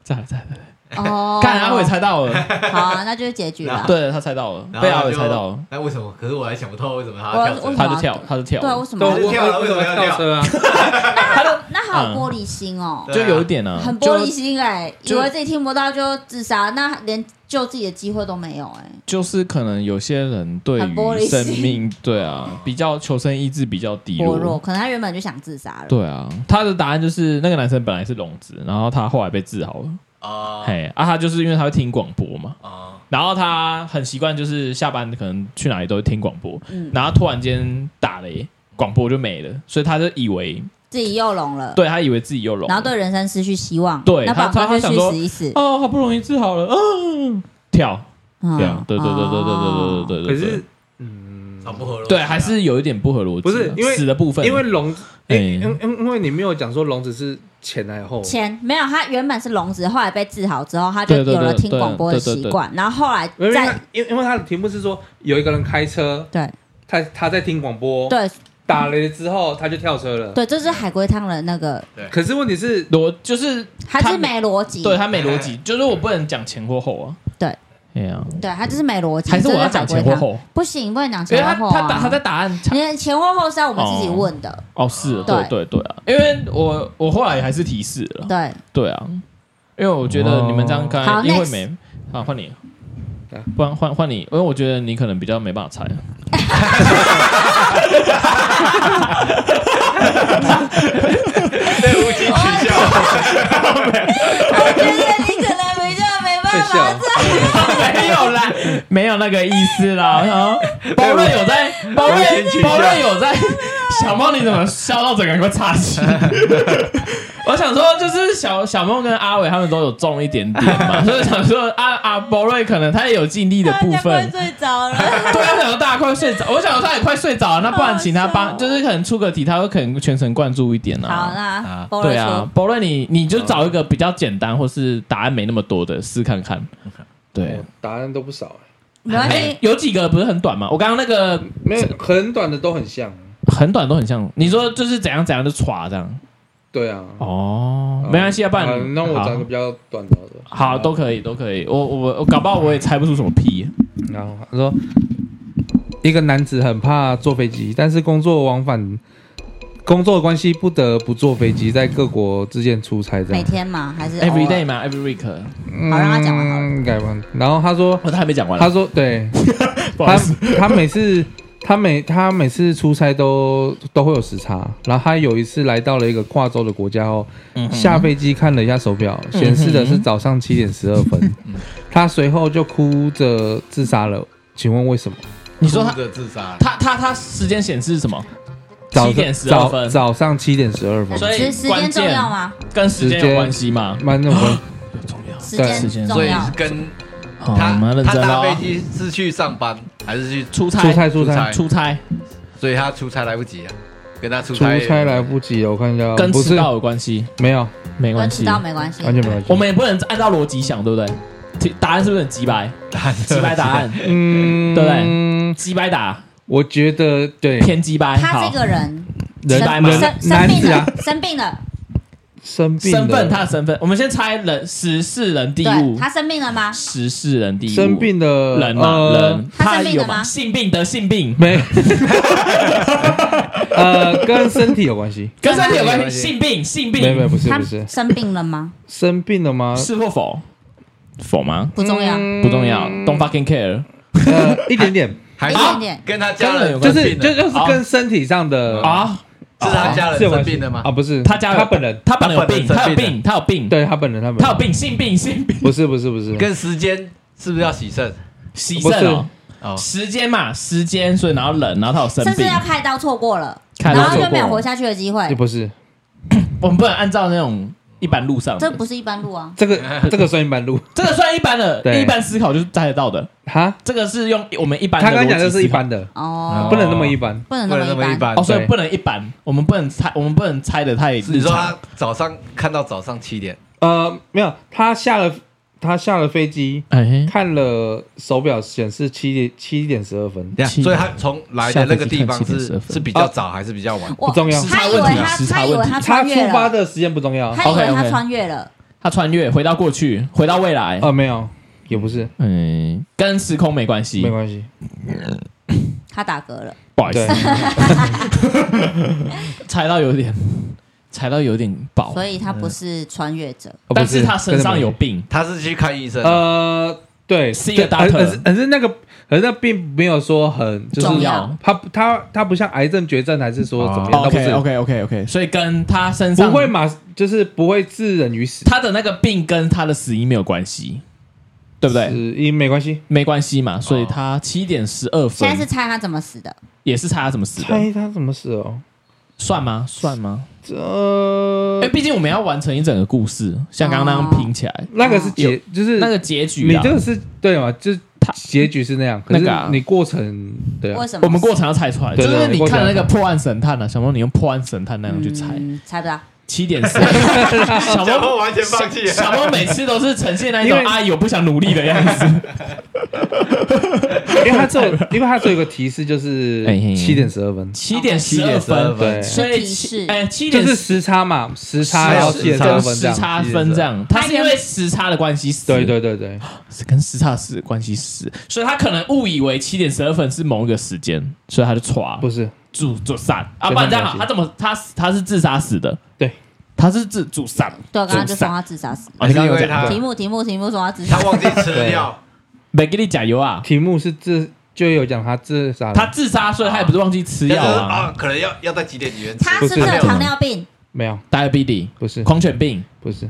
再來再來來。哦，看來阿偉猜到了。好啊，那就是結局了。對，他猜到了，被阿偉猜到了。那為什麼？可是我還想不透為什麼他他就跳，他就跳。對，為什麼？都跳了，為什麼要跳？哈哈那那好玻璃心哦，就有一點呢，很玻璃心哎，以為自己聽不到就自殺，那連救自己的機會都沒有哎。就是可能有些人對於生命，對啊，比較求生意志比較低落，可能他原本就想自殺了。對啊，他的答案就是那個男生本來是聾子，然後他後來被治好了。哦，嘿，oh. hey, 啊，他就是因為他會聽廣播嘛，oh. 然後他很習慣，就是下班可能去哪裡都會聽廣播，嗯、然後突然間打雷，廣播就沒了，所以他就以為自己又聾了，對，他以為自己又聾，然後對人生失去希望，對，然後他就想說他就去死一死哦，好不容易治好了，嗯、啊，跳，嗯、這樣，對對對對對對對對對，對對，對，對、哦很不合邏輯，對，還是有一點不合邏輯。不是因為死的部分，因為聾，哎，因因因為你沒有講說聾子是前還是後前，沒有，他原本是聾子，後來被治好之後，他就有了聽廣播的習慣，然後後來再，因因為他的題目是說有一個人開車，對，他他在聽廣播，對，打雷之後他就跳車了，對，這是海龜湯的那個，對。可是問題是邏就是還是沒邏輯，對他沒邏輯，就是我不能講前或後啊。對，他就是沒邏輯，還是我要講前後？不行，不能講前後，他他他在答案，你前後後是要我們自己問的哦。是，對對對啊，因為我我後來還是提示了。對對啊，因為我覺得你們這樣看，因為沒好換你，不然換換你，因為我覺得你可能比較沒辦法猜。哈哈哈哈哈沒有啦，沒有那個意思啦。博有瑞有在，博我瑞博瑞有在。小夢，你怎麼笑到整個快岔氣 <laughs> <laughs> 我想說，就是小小夢跟阿偉他們都有重一點點嘛， <laughs> 所以想說，啊啊博瑞可能他也有盡力的部分。睡着了。 <laughs> 對啊，想說大家快睡着。我想說，他也快睡着了，啊，那不然請他幫，哦、就是可能出個題，他會可能全神貫注一點啊。好啦，對啊，博瑞你，你你就找一個比較簡單，或是答案沒那麼多的試看看。對、哦，答案都不少哎、欸誒。有幾個不是很短嗎？我剛剛那個,個沒有很短的都很像，很短都很像。嗯、你說就是怎樣怎樣就耍這樣。對啊。哦，沒關係要啊，不然那我講個比較短的好，好啊、都可以，都可以。我我我,我，搞不好我也猜不出什麼屁、嗯、然後他說，一個男子很怕坐飛機，但是工作往返。工作關係不得不坐飛機在各國之間出差，每天嗎？還是 every day 嘛 every week。好，讓他講完。改完。然後他說，他還沒講完。他說，對。不好意思。他他每次他每他每次出差都都會有時差。然後他有一次來到了一個跨洲的國家後，下飛機看了一下手錶，顯示的是早上七點十二分。他隨後就哭着自殺了。請問為什麼？你說他哭着自殺？他他他時間顯示是什麼？七點十二分，早上七點十二分，所以時間重要嗎？跟時間有關係嗎？蠻重要的，重要，時間重要。所以跟他他搭飛機是去上班還是去出差？出差出差出差，所以他出差來不及啊，跟他出差來不及。我看一下，跟遲到有關係？沒有，沒關係，遲到沒關係，完全沒關係。我們也不能按照邏輯想，對不對？答案是不是很直白？答案直白，答案，嗯，對不對？直白答。我覺得對偏激吧，他這個人人男嘛，生病了，生病了，生病身份他的身份，我們先猜人十四人第五，他生病了嗎？十四人第五生病的人嘛人，他生病了嗎？性病得性病沒？呃，跟身體有關係，跟身體有關係，性病性病，沒有不是不是生病了嗎？生病了嗎？是或否？否嗎？不重要，不重要，Don't fucking care，一點點。還是跟他家人有關係，就是就是跟身體上的啊，是他家人生病的嗎？啊，不是他家他本人，他本人有病，他有病，他有病，對他本人，他他有病，性病，性病，不是，不是，不是，跟時間是不是要洗腎？洗腎哦，時間嘛，時間，所以然後冷，然後他有生病，甚至要開刀錯過了，然後就沒有活下去的機會。就不是，我們不能按照那種。一般路上，這不是一般路啊！這個這個算一般路，這個算一般的，一般思考就是猜得到的哈。這個是用我們一般，他剛講的是一般的哦，不能那麼一般，不能那麼一般哦，所以不能一般，我們不能猜，我們不能猜的太。你說他早上看到早上七點，呃，沒有，他下了。他下了飛機，看了手表顯示七點七點十二分，所以他從來的那個地方是是比較早還是比較晚？不重要，時差問題。時差問題。他出發的時間不重要。他以為他穿越了。他穿越回到過去，回到未來？啊，沒有，也不是，嗯，跟時空沒關係，沒關係。他打嗝了，不好意思，猜到有點。踩到有點薄，所以他不是穿越者，但是他身上有病，他是去看醫生。呃，對，是一個大特，可是那個，可是那並沒有說很重要，他他他不像癌症絕症，還是說怎麼樣？OK OK OK OK，所以跟他身上不會嘛，就是不會致人於死，他的那個病跟他的死因沒有關係，對不對？死因沒關係，沒關係嘛，所以他七點十二分，現在是猜他怎麼死的，也是猜他怎麼死的。猜他怎麼死哦。算嗎？算嗎？呃這、欸，畢竟我們要完成一整個故事，像剛剛那樣拼起來，那個是結，有哦、就是那個結局，你這個是對嘛？就是他結局是那樣，可是你過程，啊對啊，我們過程要猜出來，就是、就是你看那個破案神探呢、啊，想說你用破案神探那樣去猜，嗯、猜不到。七點十二，小貓完全放棄。小貓每次都是呈現那種阿姨我為、啊、不想努力的樣子。因為他這，因為他這有一個提示，就是七點十二分，七點十二分，對，所以七，哎、欸，七點是時差嘛，時差要分這，時差分這樣，他是因為時差的關係，對對對對，跟時差死關係，死，所以他可能誤以為七點十二分是某一個時間，所以他就錯，不是。自自殺啊！不然這樣好，他怎麼他他是自殺死的？對，他是自自殺。對，剛剛就說他自殺死。我剛剛以為他題目題目題目說他自殺，他忘記吃了藥，沒給你加油啊！題目是自就有講他自殺，他自殺，所以他也不是忘記吃藥啊。可能要要在幾點前吃？他是不是有糖尿病？沒有，diabetes 不是，狂犬病不是。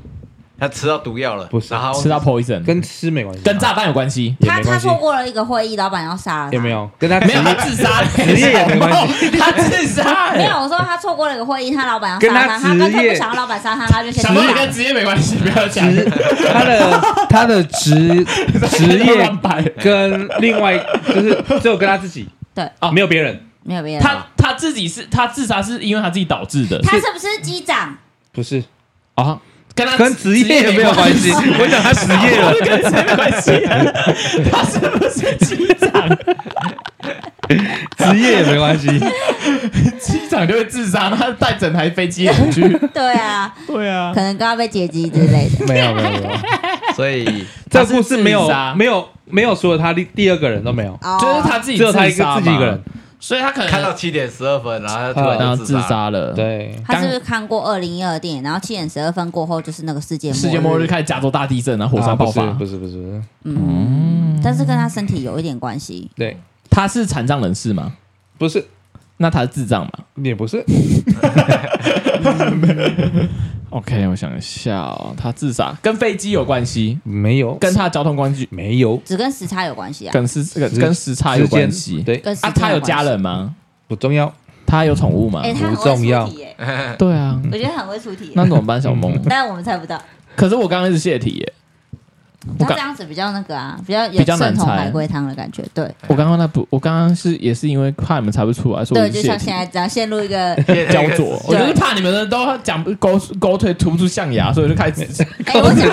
他吃到毒藥了，不是他吃到 poison，跟吃沒關係，跟炸彈有關係。他他錯過了一個會議，老闆要殺他，有沒有？跟他沒有，他自殺職業，他自殺沒有。我說他錯過了一個會議，他老闆要殺他，他他不想要老闆殺他，他就先自殺。職業沒關係，不要講他的他的職職業，跟另外就是只有跟他自己，對啊，沒有別人，沒有別人。他他自己是他自殺是因為他自己導致的。他是不是機長？不是啊。跟他跟職業也沒有關係，我想他失業了，跟職業沒關係，他是不是機、啊、長？職 <laughs> 業也沒關係，機長就會自殺，他帶整台飛機回去。對啊，對啊，對啊、可能都要被劫機之類的。沒有沒有，所以這故事沒有沒有沒有，除了他第第二個人都沒有，就是他自己，只有他一個自己一個人。所以他可能看到七點十二分，然後他突然自殺了。呃、殺了對，剛他是不是看過二零一二電影？然後七點十二分過後就是那個世界末日世界末日，開始加州大地震，然後火山爆發。啊、不是不是，不是嗯，嗯，但是跟他身體有一點關係。對，他是殘障人士嗎？不是，那他是智障嗎？你也不是。 <laughs> <laughs> <laughs> OK，我想一下哦，他自殺跟飛機有關係？沒有，跟他的交通工具？沒有，只跟時差有關係啊？跟時跟跟時差有關係？對。他有家人嗎？不重要。他有寵物嗎？不重要。對啊，我覺得很會出題。那怎麼辦，小夢？但我們猜不到。可是我剛剛是洩題耶。就這樣子比較那個啊，比較比較傳統海龜湯的感覺。對，我剛剛那不，我剛剛是也是因為怕你們猜不出來，說對，就像現在只要陷入一個焦灼，我就是怕你們都講不狗腿，吐不出象牙，所以就開始。哎，我講，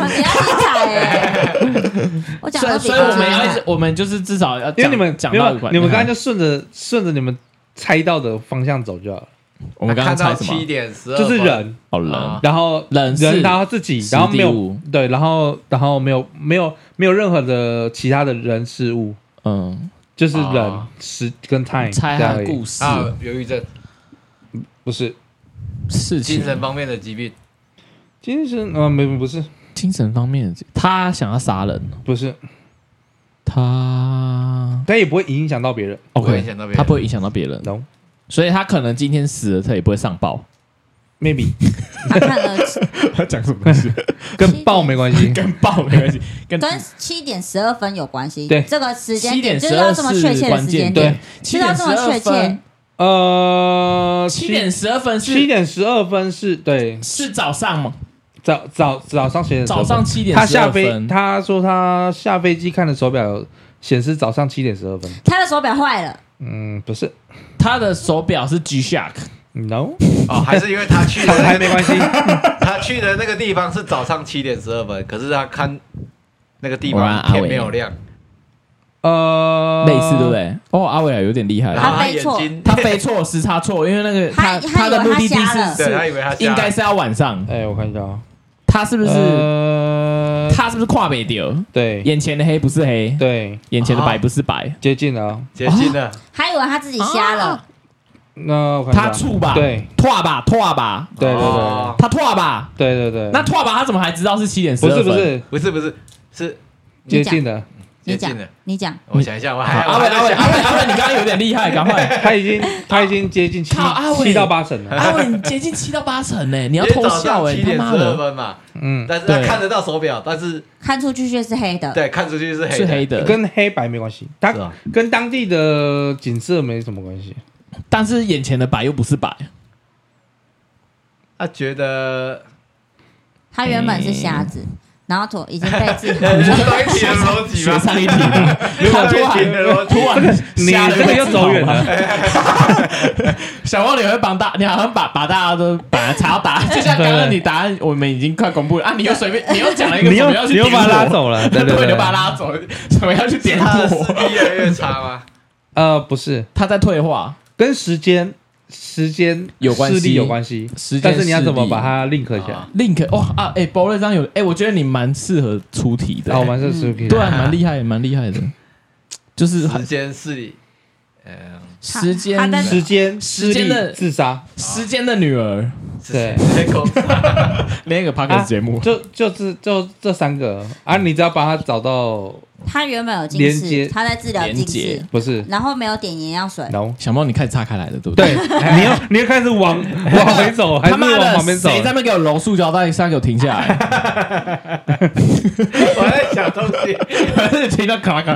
我講，所以我們要，我們就是至少要，因為你們講到，你們剛剛就順着順着你們猜到的方向走就好了。我們剛剛猜什麼？就是人，好人，然後人，人，他自己，然後沒有，對，然後，然後沒有，沒有，沒有任何的其他的人事物，嗯，就是人是跟 time 猜的故事，憂鬱症，不是事情，精神方面的疾病，精神啊，沒不是精神方面的疾病。他想要殺人，不是他，但也不會影響到別人，OK，他不會影響到別人，No。所以他可能今天死了，他也不會上報。Maybe。他講什麼事？跟報沒關係，跟報沒關係，跟七點十二分有關係。對，這個時間點，七點十二這麼確切的時間點，知道這麼確切。呃，七點十二分是，七點十二分是對，是早上嗎？早早早上七點？早上七點。他下飛，他說他下飛機看的手表顯示早上七點十二分，他的手表壞了。嗯，不是，他的手錶是 G Shock，No，哦，還是因為他去的、那個、 <laughs> 他還沒關係，他去的那個地方是早上七點十二分，可是他看那個地方天沒有亮，呃，類似對不對？哦，阿偉、啊、有點厲害，他，他眼睛。他飛錯 <laughs> 時差錯，因為那個他他的目的地是，對，他以為他應該是要晚上，哎、欸，我看一下啊。他是不是？他是不是跨沒丟？對，眼前的黑不是黑，對，眼前的白不是白，接近了，接近了。還以為他自己瞎了。那他處吧？對，拓吧拓吧，對對對，他拓吧，對對對。那拓吧，他怎麼還知道是七點十二分？不是不是不是不是，是接近的。你講，你講，我想一下，我阿偉，阿偉，阿偉，阿偉，你剛剛有點厲害，趕快，他已經，他已經接近七七到八成了，阿偉，接近七到八成呢，你要偷笑，七點十二分嘛，嗯，但是他看得到手錶，但是看出去卻是黑的，對，看出去是黑的，是黑的，跟黑白沒關係，他跟當地的景色沒什麼關係，但是眼前的白又不是白，他覺得他原本是瞎子。然後圖已經被自己，上一題，圖完，你這個走遠了。小黃，你會幫大？你好像把把大家都把才要答，就像剛剛你答案，我們已經快公布了啊！你又隨便，你又講了一個，什麼要去點他走了，對對對，你又把他拉走了，什麼要去點他的？視力越來越差嗎？呃，不是，他在退化，跟時間。時間有關係，有關係，但是你要怎麼把它 link 起來、啊？link 哦，啊！哎、欸，包瑞章有哎、欸，我覺得你蠻適合，欸哦、合出題的，好、嗯，蠻適合出題，對、啊，蠻厲害，蠻厲害的，害的嗯、就是時間勢力。呃，時間、時間、時間的自殺，時間的女兒，對，連一個 parkers 節目？就就是就這三個啊！你只要把它找到，它原本有近視，它在治療近視，不是，然後沒有點眼藥水。然後小貓，你開始岔開來了對不對？你又你要開始往往回走，還是往旁邊走？誰在那邊給我揉塑膠袋？誰給我停下來？我在想東西，還是聽到卡卡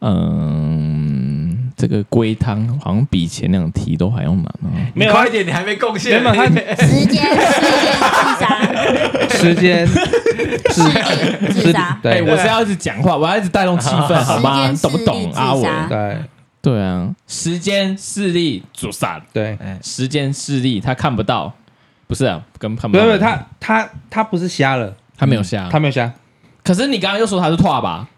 嗯。這個龜湯好像比前兩題都還要難啊！沒有，快點，你還沒貢獻。時間時間自殺，時間視力自殺。哎，我是要一直講話，我要一直帶動氣氛，好嗎？懂不懂？阿文，對對啊，時間視力阻殺。對，時間視力他看不到，不是啊？跟看不到？不是不，他他他不是瞎了，他沒有瞎，他沒有瞎。可是你剛剛又說他是拓吧。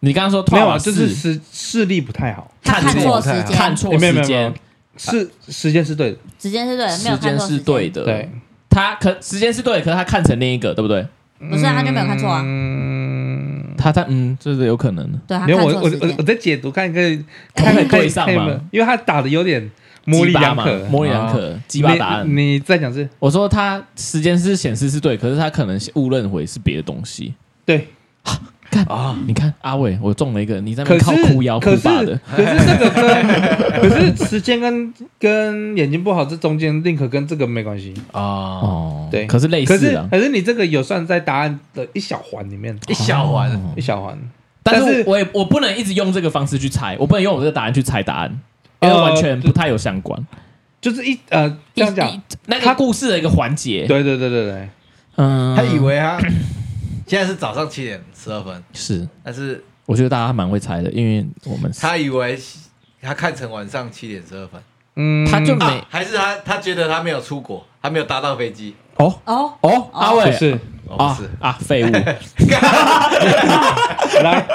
你剛剛說沒有，就是視視力不太好，看錯時間，看錯時間。沒有沒有，是時間是對的，時間是對的，沒有看錯是對的，對，他可時間是對，可是他看成另一個，對不對？不是，他就沒有看錯啊，他他嗯，這是有可能的，沒有我我我我在解讀，看一個看對上嗎？因為他打得有點模棱兩可，模棱兩可，雞巴答案，你再講這？我說他時間是顯示是對，可是他可能誤認為是別的東西，對。看啊！你看阿偉，我中了一個，你在那邊靠哭腰哭爸的。可是這個跟可是時間跟跟眼睛不好，這中間 link 跟這個沒關係。哦，對，可是類似的。可是你這個有算在答案的一小環裡面，一小環，一小環。但是我也我不能一直用這個方式去猜，我不能用我這個答案去猜答案，因為完全不太有相關，就是一呃這樣講，那他故事的一個環節。對對對對對，嗯，他以為啊。現在是早上七點十二分，是，但是我覺得大家蠻會猜的，因為我們，他以為他看成晚上七點十二分，嗯，他就沒，還是他他覺得他沒有出國，還沒有搭到飛機，哦哦哦，阿偉，是，哦是啊，廢物，來，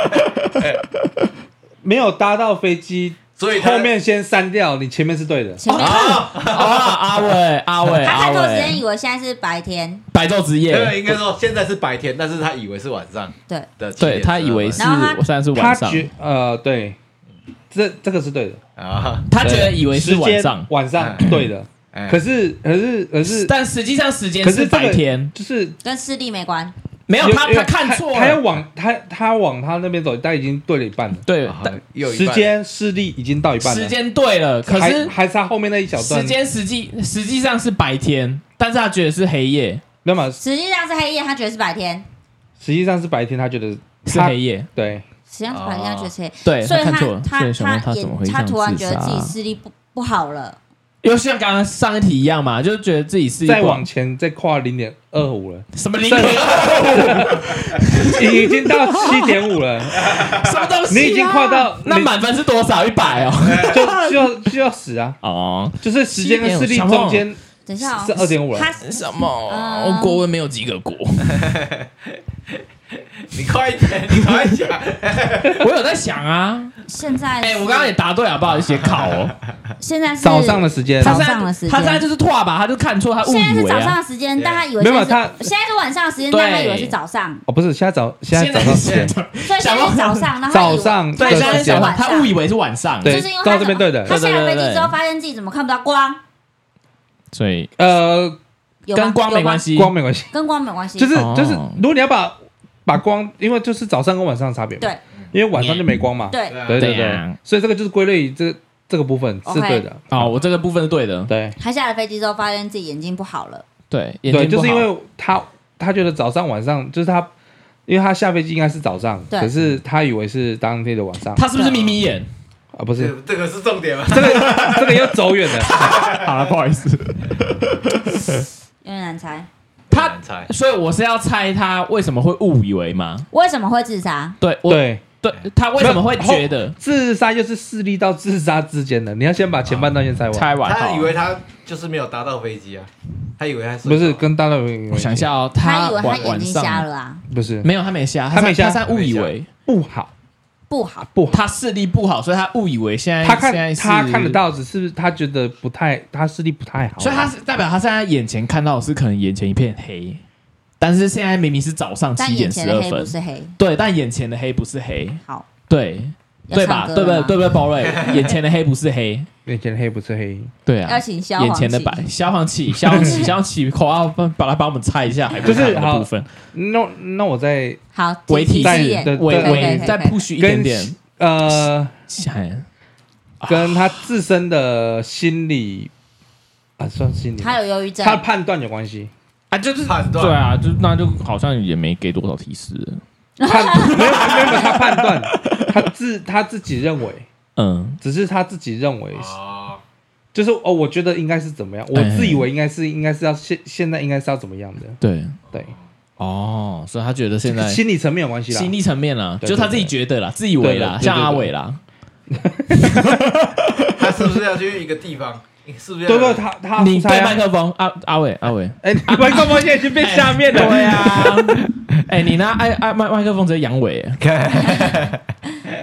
沒有搭到飛機。所以後面先刪掉，你前面是對的。前面對啊，阿偉，阿偉，阿偉。他太多時間以為現在是白天，白晝之夜對，應該說現在是白天，但是他以為是晚上。對的，對，他以為是現在是晚上。呃，對，這這個是對的啊。他覺得以為是晚上，晚上對的。可是可是可是，但實際上時間是白天，就是跟視力沒關。沒有他，他看錯了，他要往他他往他那邊走，但已經對了一半了。對，時間視力已經到一半了。時間對了，可是還差後面那一小段。時間實際實際上是白天，但是他覺得是黑夜，那麼，實際上是黑夜，他覺得是白天。實際上是白天，他覺得是黑夜。對，實際上是白天，他覺得是黑夜，所以他他他他突然覺得自己視力不不好了。又像剛剛上一題一樣嘛，就是覺得自己是一再往前再跨零點二五了，什麼零點二五？了已經到七點五了，什麼東西，啊？你已經跨到那滿分是多少？一百哦， <laughs> 就就，就，就要就要死啊！哦，oh, 就是時間的視力中間，等一下、哦、是二點五了，他是什麼？我、嗯、國文沒有及格過。 <laughs> 你快點！你快點！我有在想啊。現在哎，我剛剛也答對了，不好意思，靠。現在是早上的時間。早上的時間，他現在就是錯吧？他就看錯，他誤以為。現在是早上的時間，但他以為是有沒有他。現在是晚上的時間，但他以為是早上。哦，不是，現在早現在是現在是早上。所以想到早上。早上對，現在想晚他誤以為是晚上，就是因為到這邊對的。他下飛機之後，發現自己怎麼看不到光。所以呃，跟光沒關係，光沒關係，跟光沒關係。就是就是，如果你要把。把光，因為就是早上跟晚上的差別嘛。對。因為晚上就沒光嘛。對。對對對。所以這個就是歸類於這這個部分是對的。哦，我這個部分是對的。對。他下了飛機之後，發現自己眼睛不好了。對。眼睛就是因為他他覺得早上晚上就是他，因為他下飛機應該是早上，可是他以為是當天的晚上。他是不是眯眯眼啊？不是，這個是重點。這個這個又走遠了。好了，不好意思。有點難猜。他所以我是要猜他為什麼會誤以為嗎？為什麼會自殺？對，對，對，他為什麼會覺得自殺就是視力到自殺之間的？你要先把前半段先猜完。猜完，他以為他就是沒有搭到飛機啊，他以為他是、啊、不是跟搭到人，我想一下哦，他晚他，以為他已經瞎了，啊、不是，沒有，他沒瞎，他，他沒瞎，他誤以為不好。不好，不好，他視力不好，所以他誤以為現在他看現在他看得到，只是，是他覺得不太他視力不太好，啊，所以他是代表他現在眼前看到的是可能眼前一片黑，但是現在明明是早上七點十二分，對，但眼前的黑不是黑，好對。對吧？對不對？對不對？寶瑞，眼前的黑不是黑，眼前的黑不是黑。對啊，眼前的白，消防器，消防器，消防器，口號幫把它幫我們猜一下，還不難的部分。那那我再好，再的尾再 push 一點點。呃，跟他自身的心理啊，算心理，他有憂鬱症，他判斷有關係啊，就是判斷對啊，就那就好像也沒給多少提示。他，沒有， <laughs> 他沒有他沒有，他判斷，他自他自己認為，嗯，只是他自己認為哦，就是哦，我覺得應該是怎麼樣，我自以為應該是應該是要現現在應該是要怎麼樣的，對、哎哎、對，哦，所以他覺得現在心理層面有關係啦，心理層面啦、啊，就是他自己覺得啦，對對對，自以為啦，對對對對像阿偉啦， <laughs> 他是不是要去一個地方？是不是？都是，他他你對麥克風，阿阿偉阿偉，哎，麥克風現在已經被下面了。對呀，哎，你呢？哎麥麥克風直接陽痿，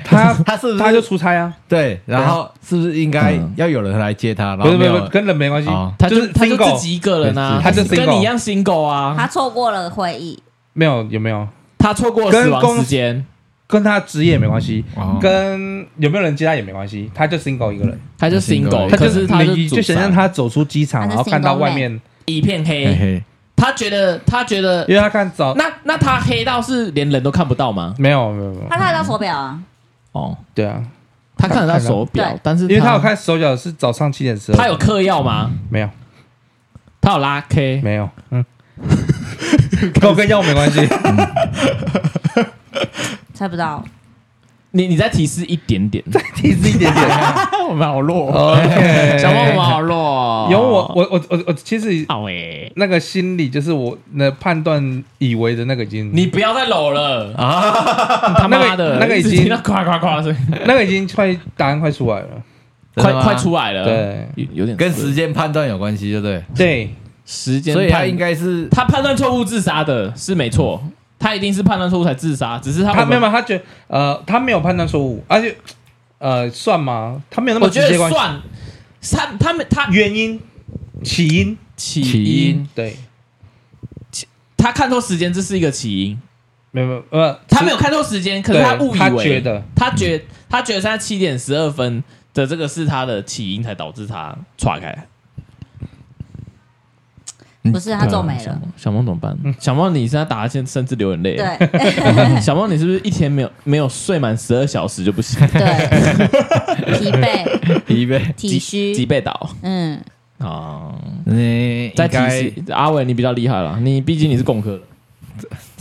他他是他就出差啊，對，然後是不是應該要有人來接他？不是不是，跟人沒關係，他就是他就自己一個人啊，他就跟你一樣 single 啊。他錯過了會議，沒有有沒有？他錯過了死亡時間。跟他職業也沒關係，跟有沒有人接他也沒關係，他就 single 一個人，他就 single，他就是他就想象他走出機場，然後看到外面一片黑，他覺得他覺得，因為他看早，那那他黑到是連人都看不到嗎？沒有沒有，他看得到手表啊，哦，對啊，他看得到手表，但是因為他有看手表是早上七點十二分，他有嗑藥嗎？沒有，他有拉 K 沒有，嗯，跟我嗑藥沒關係。猜不到，你你再提示一點點，再提示一點點、啊 <laughs> 我，我們好弱、哦。小貓我們好弱，有我我我我我其實好哎，那個心理就是我那判斷以為的那個已經，你不要再摟了啊！他媽的、那個，那個已經快快快，那個已經快答案快出來了，快快出來了，對，有點跟時間判斷有關係，對不對？對，時間，所以他應該是他判斷錯誤，自殺的是沒錯。嗯他一定是判斷錯誤才自殺，只是他沒有沒有，他，沒有他覺呃他沒有判斷錯誤。而且呃算嗎？他沒有那麼直接關係，我覺得算他，他們他，他原因起因起因，起因對起，他看錯時間，這是一個起因。沒有呃他沒有看錯時間，可能，他誤以為他覺他覺得他現在七點十二分的這個是他的起因，才導致他踹開。你 不是他皺眉了、啊小，小貓怎麼辦？嗯、小貓，你現在打到現在甚至流眼淚。對， <laughs> 小貓，你是不是一天沒有沒有睡滿十二小時就不行？對，疲憊、疲憊憊、體虛虛、脊背倒。嗯，哦、嗯，你應該阿偉，你比較厲害了，你畢竟你是工科的。嗯對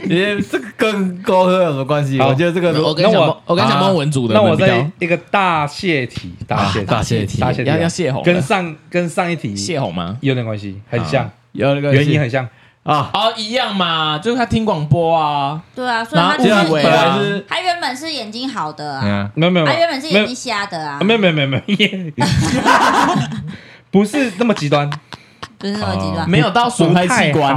對，也這個跟高喝有什麼關係？我覺得這個，我跟你講，我跟你講文組的，那我再一個大蟹題，大蟹，大蟹題，大蟹題，要要蟹紅，跟上跟上一題蟹紅嗎？有點關係，很像，有那個原因很像啊，好一樣嘛，就是他聽廣播啊，對啊，所以他本來是，他原本是眼睛好的啊，沒有沒有，他原本是眼睛瞎的啊，沒有沒有沒有，不是那麼極端。是什麼極端？沒有到損害器官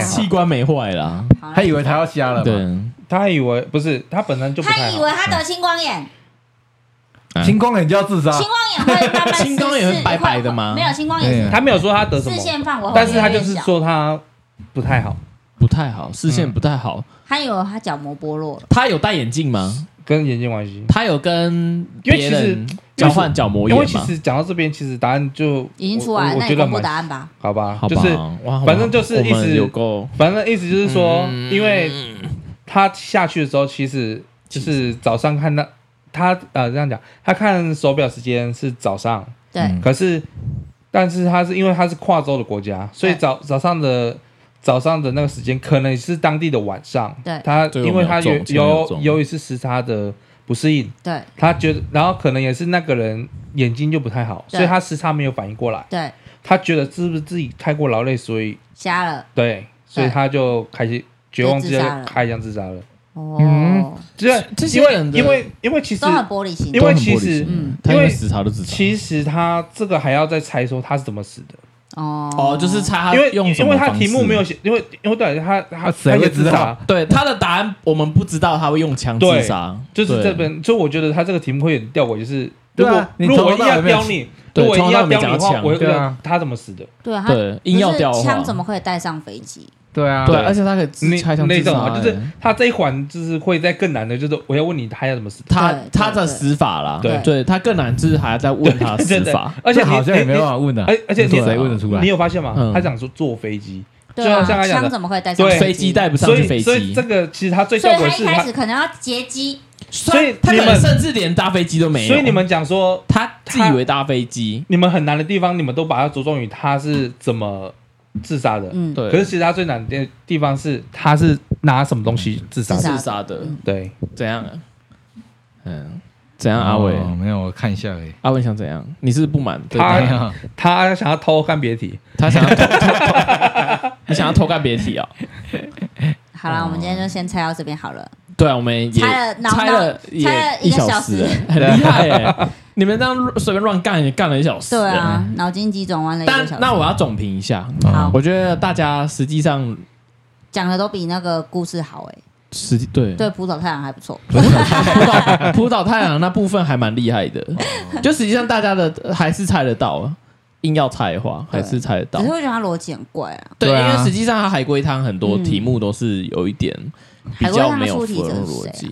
吶，器官沒壞了，他以為他要瞎了。對，他以為不是他本來就，他以為他得青光眼，青光眼就要自殺，青光眼會慢慢，青光眼是白白的嗎？沒有，青光眼他沒有說他得什麼視線但是他就是說他不太好，不太好，視線不太好。他有他角膜剝落他有戴眼鏡嗎？跟眼鏡關係？他有跟別人。交換角膜，因為其實講到這邊，其實答案就已經出來了。那公布答案吧。好吧，好吧，就是，反正就是一直，反正意思就是說，因為他下去的時候，其實就是早上看到他，呃，這樣講，他看手表時間是早上，對。可是，但是他是因為他是跨洲的國家，所以早早上的早上的那個時間，可能是當地的晚上。對，他因為他有有由於是時差的。不適應，對他覺得，然後可能也是那個人眼睛就不太好，所以他時差沒有反應過來。對，他覺得是不是自己太過勞累，所以瞎了。對，所以他就開始絕望之下開槍自殺了。哦，這這因為因為因為其實因為其實因為自其實他這個還要再猜說他是怎麼死的。哦，哦，就是猜他因為因為他題目沒有寫，因為因為對，他他他自殺，對，他的答案，我們不知道他會用槍自殺，就是這邊，就我覺得他這個題目會有點吊詭，就是如果如果我一定要標你，如果一定要標你的話，我會他怎麼死的，對，硬要槍怎麼可以帶上飛機？對啊，對，而且他可以，拆成那種啊，就是他這一環就是會在更難的，就是我要問你他要怎麼死他他的死法啦，對他更難就是還要再問他死法，而且好像也沒辦法問啊，哎，而且你誰問得出來？你有發現嗎？他講說坐飛機，就像他講槍怎麼會帶上飛機帶不上去所以這個其實他最效果是，所以他一開始可能要劫機，所以他甚至連搭飛機都沒，所以你們講說他自以為搭飛機，你們很難的地方，你們都把它着重於他是怎麼。自殺的，嗯，對。可是其實他最難的地方是，他是拿什麼東西自殺、嗯？自殺的，對。怎樣？嗯，怎樣、啊？阿偉、嗯，沒有，我看一下、欸、阿偉想怎樣？你是不滿他對吧？他想要偷看別題。他想，你想要偷看別題哦。好了，我們今天就先猜到這邊好了。對啊，我們也猜了，猜了，一小時，了了了一小時了，很厲害、欸。 <laughs> 你們這樣隨便亂幹，幹了一小時。對啊，腦筋急轉彎了一小時。那我要總評一下，好，我覺得大家實際上講的都比那個故事好、欸，哎，實際對對，葡萄太陽還不錯，葡萄太陽 <laughs> 那部分還蠻厲害的， <laughs> 就實際上大家的還是猜得到啊。硬要猜的話，還是猜得到。只是會覺得他邏輯很怪啊。對,對啊因為實際上，他海龜湯很多題目都是有一點比較沒有負責的邏輯。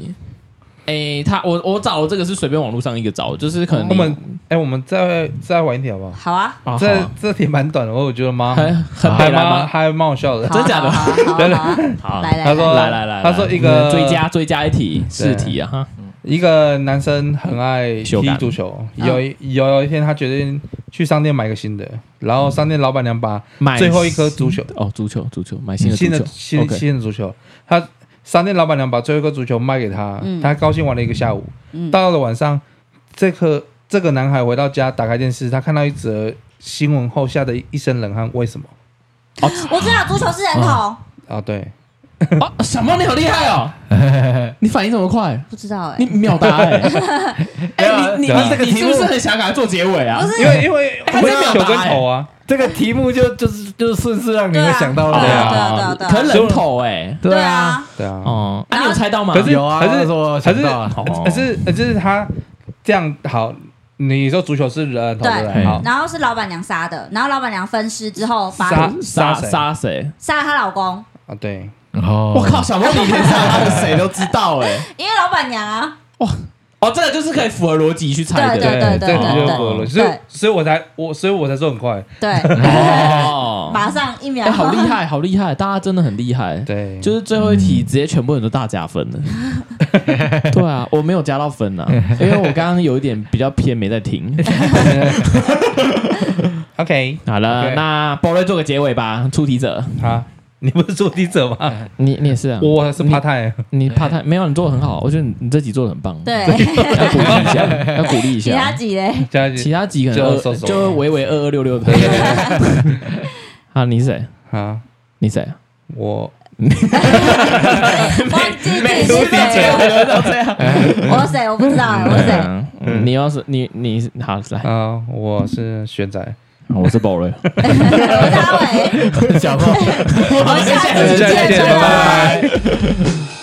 哎，他,、欸、他我我找的這個是隨便網絡上一個找的，就是可能我們哎、欸，我們再再玩一題好不好？好啊。這這題蠻短的，我覺得蠻、啊、還很蠻蠻好笑的，真假的？真的。好。來來，他說來來來，他說一個、嗯、追加追加一題對四題啊，哈。一個男生很愛踢足球，有一有，有一天他決定去商店買個新的，然後商店老板娘把最後一顆足球哦，足球足球買新的新的新的 OK 新的足球，他商店老板娘把最後一顆足球賣給他，嗯、他高興玩了一個下午，嗯嗯、到了晚上，這顆、個、這個男孩回到家打開電視，他看到一則新聞後嚇得一身冷汗，為什麼？哦、我知道足球是人頭啊，啊，對。什麼？你好厲害哦！你反應這麼快，不知道哎，你秒答哎！你你你是不是很想給他做結尾啊，因為因為他是球跟頭啊，這個題目就就是就是順勢讓你們想到了啊很冷頭哎，對啊，對啊，哦，你有猜到嗎？有啊，還是什麼猜到是就是他這樣好，你說足球是人頭，對，然後是老板娘殺的，然後老板娘分屍之後殺殺殺誰？殺了她老公啊，對。哦，我靠，小糯下，面上，誰都知道哎，因為老闆娘啊，哇，哦，這個就是可以符合邏輯去猜的，對對對對對，所以所以我才我所以我才說很快，對，哦，馬上一秒，好厲害，好厲害，大家真的很厲害，對，就是最後一題，直接全部人都大加分了，對啊，我沒有加到分呢，因為我剛剛有一點比較偏，沒在聽，OK，好了，那波瑞做個結尾吧，出題者，好。你不是出題者嗎？你你也是啊，我是怕太，你怕太沒有，你做的很好，我覺得你你這集做的很棒，對，要鼓勵一下，要鼓勵一下。其他幾嘞？其他幾可能就就唯唯二二六六的。啊，你是誰？好，你誰？我。忘記你是誰都這樣。我誰？我不知道，我誰？你要是你你，好來啊，我是玄仔。我是寶瑞，劉 <laughs> 大偉 為，我， <laughs> 我們下次，下次再見，拜拜。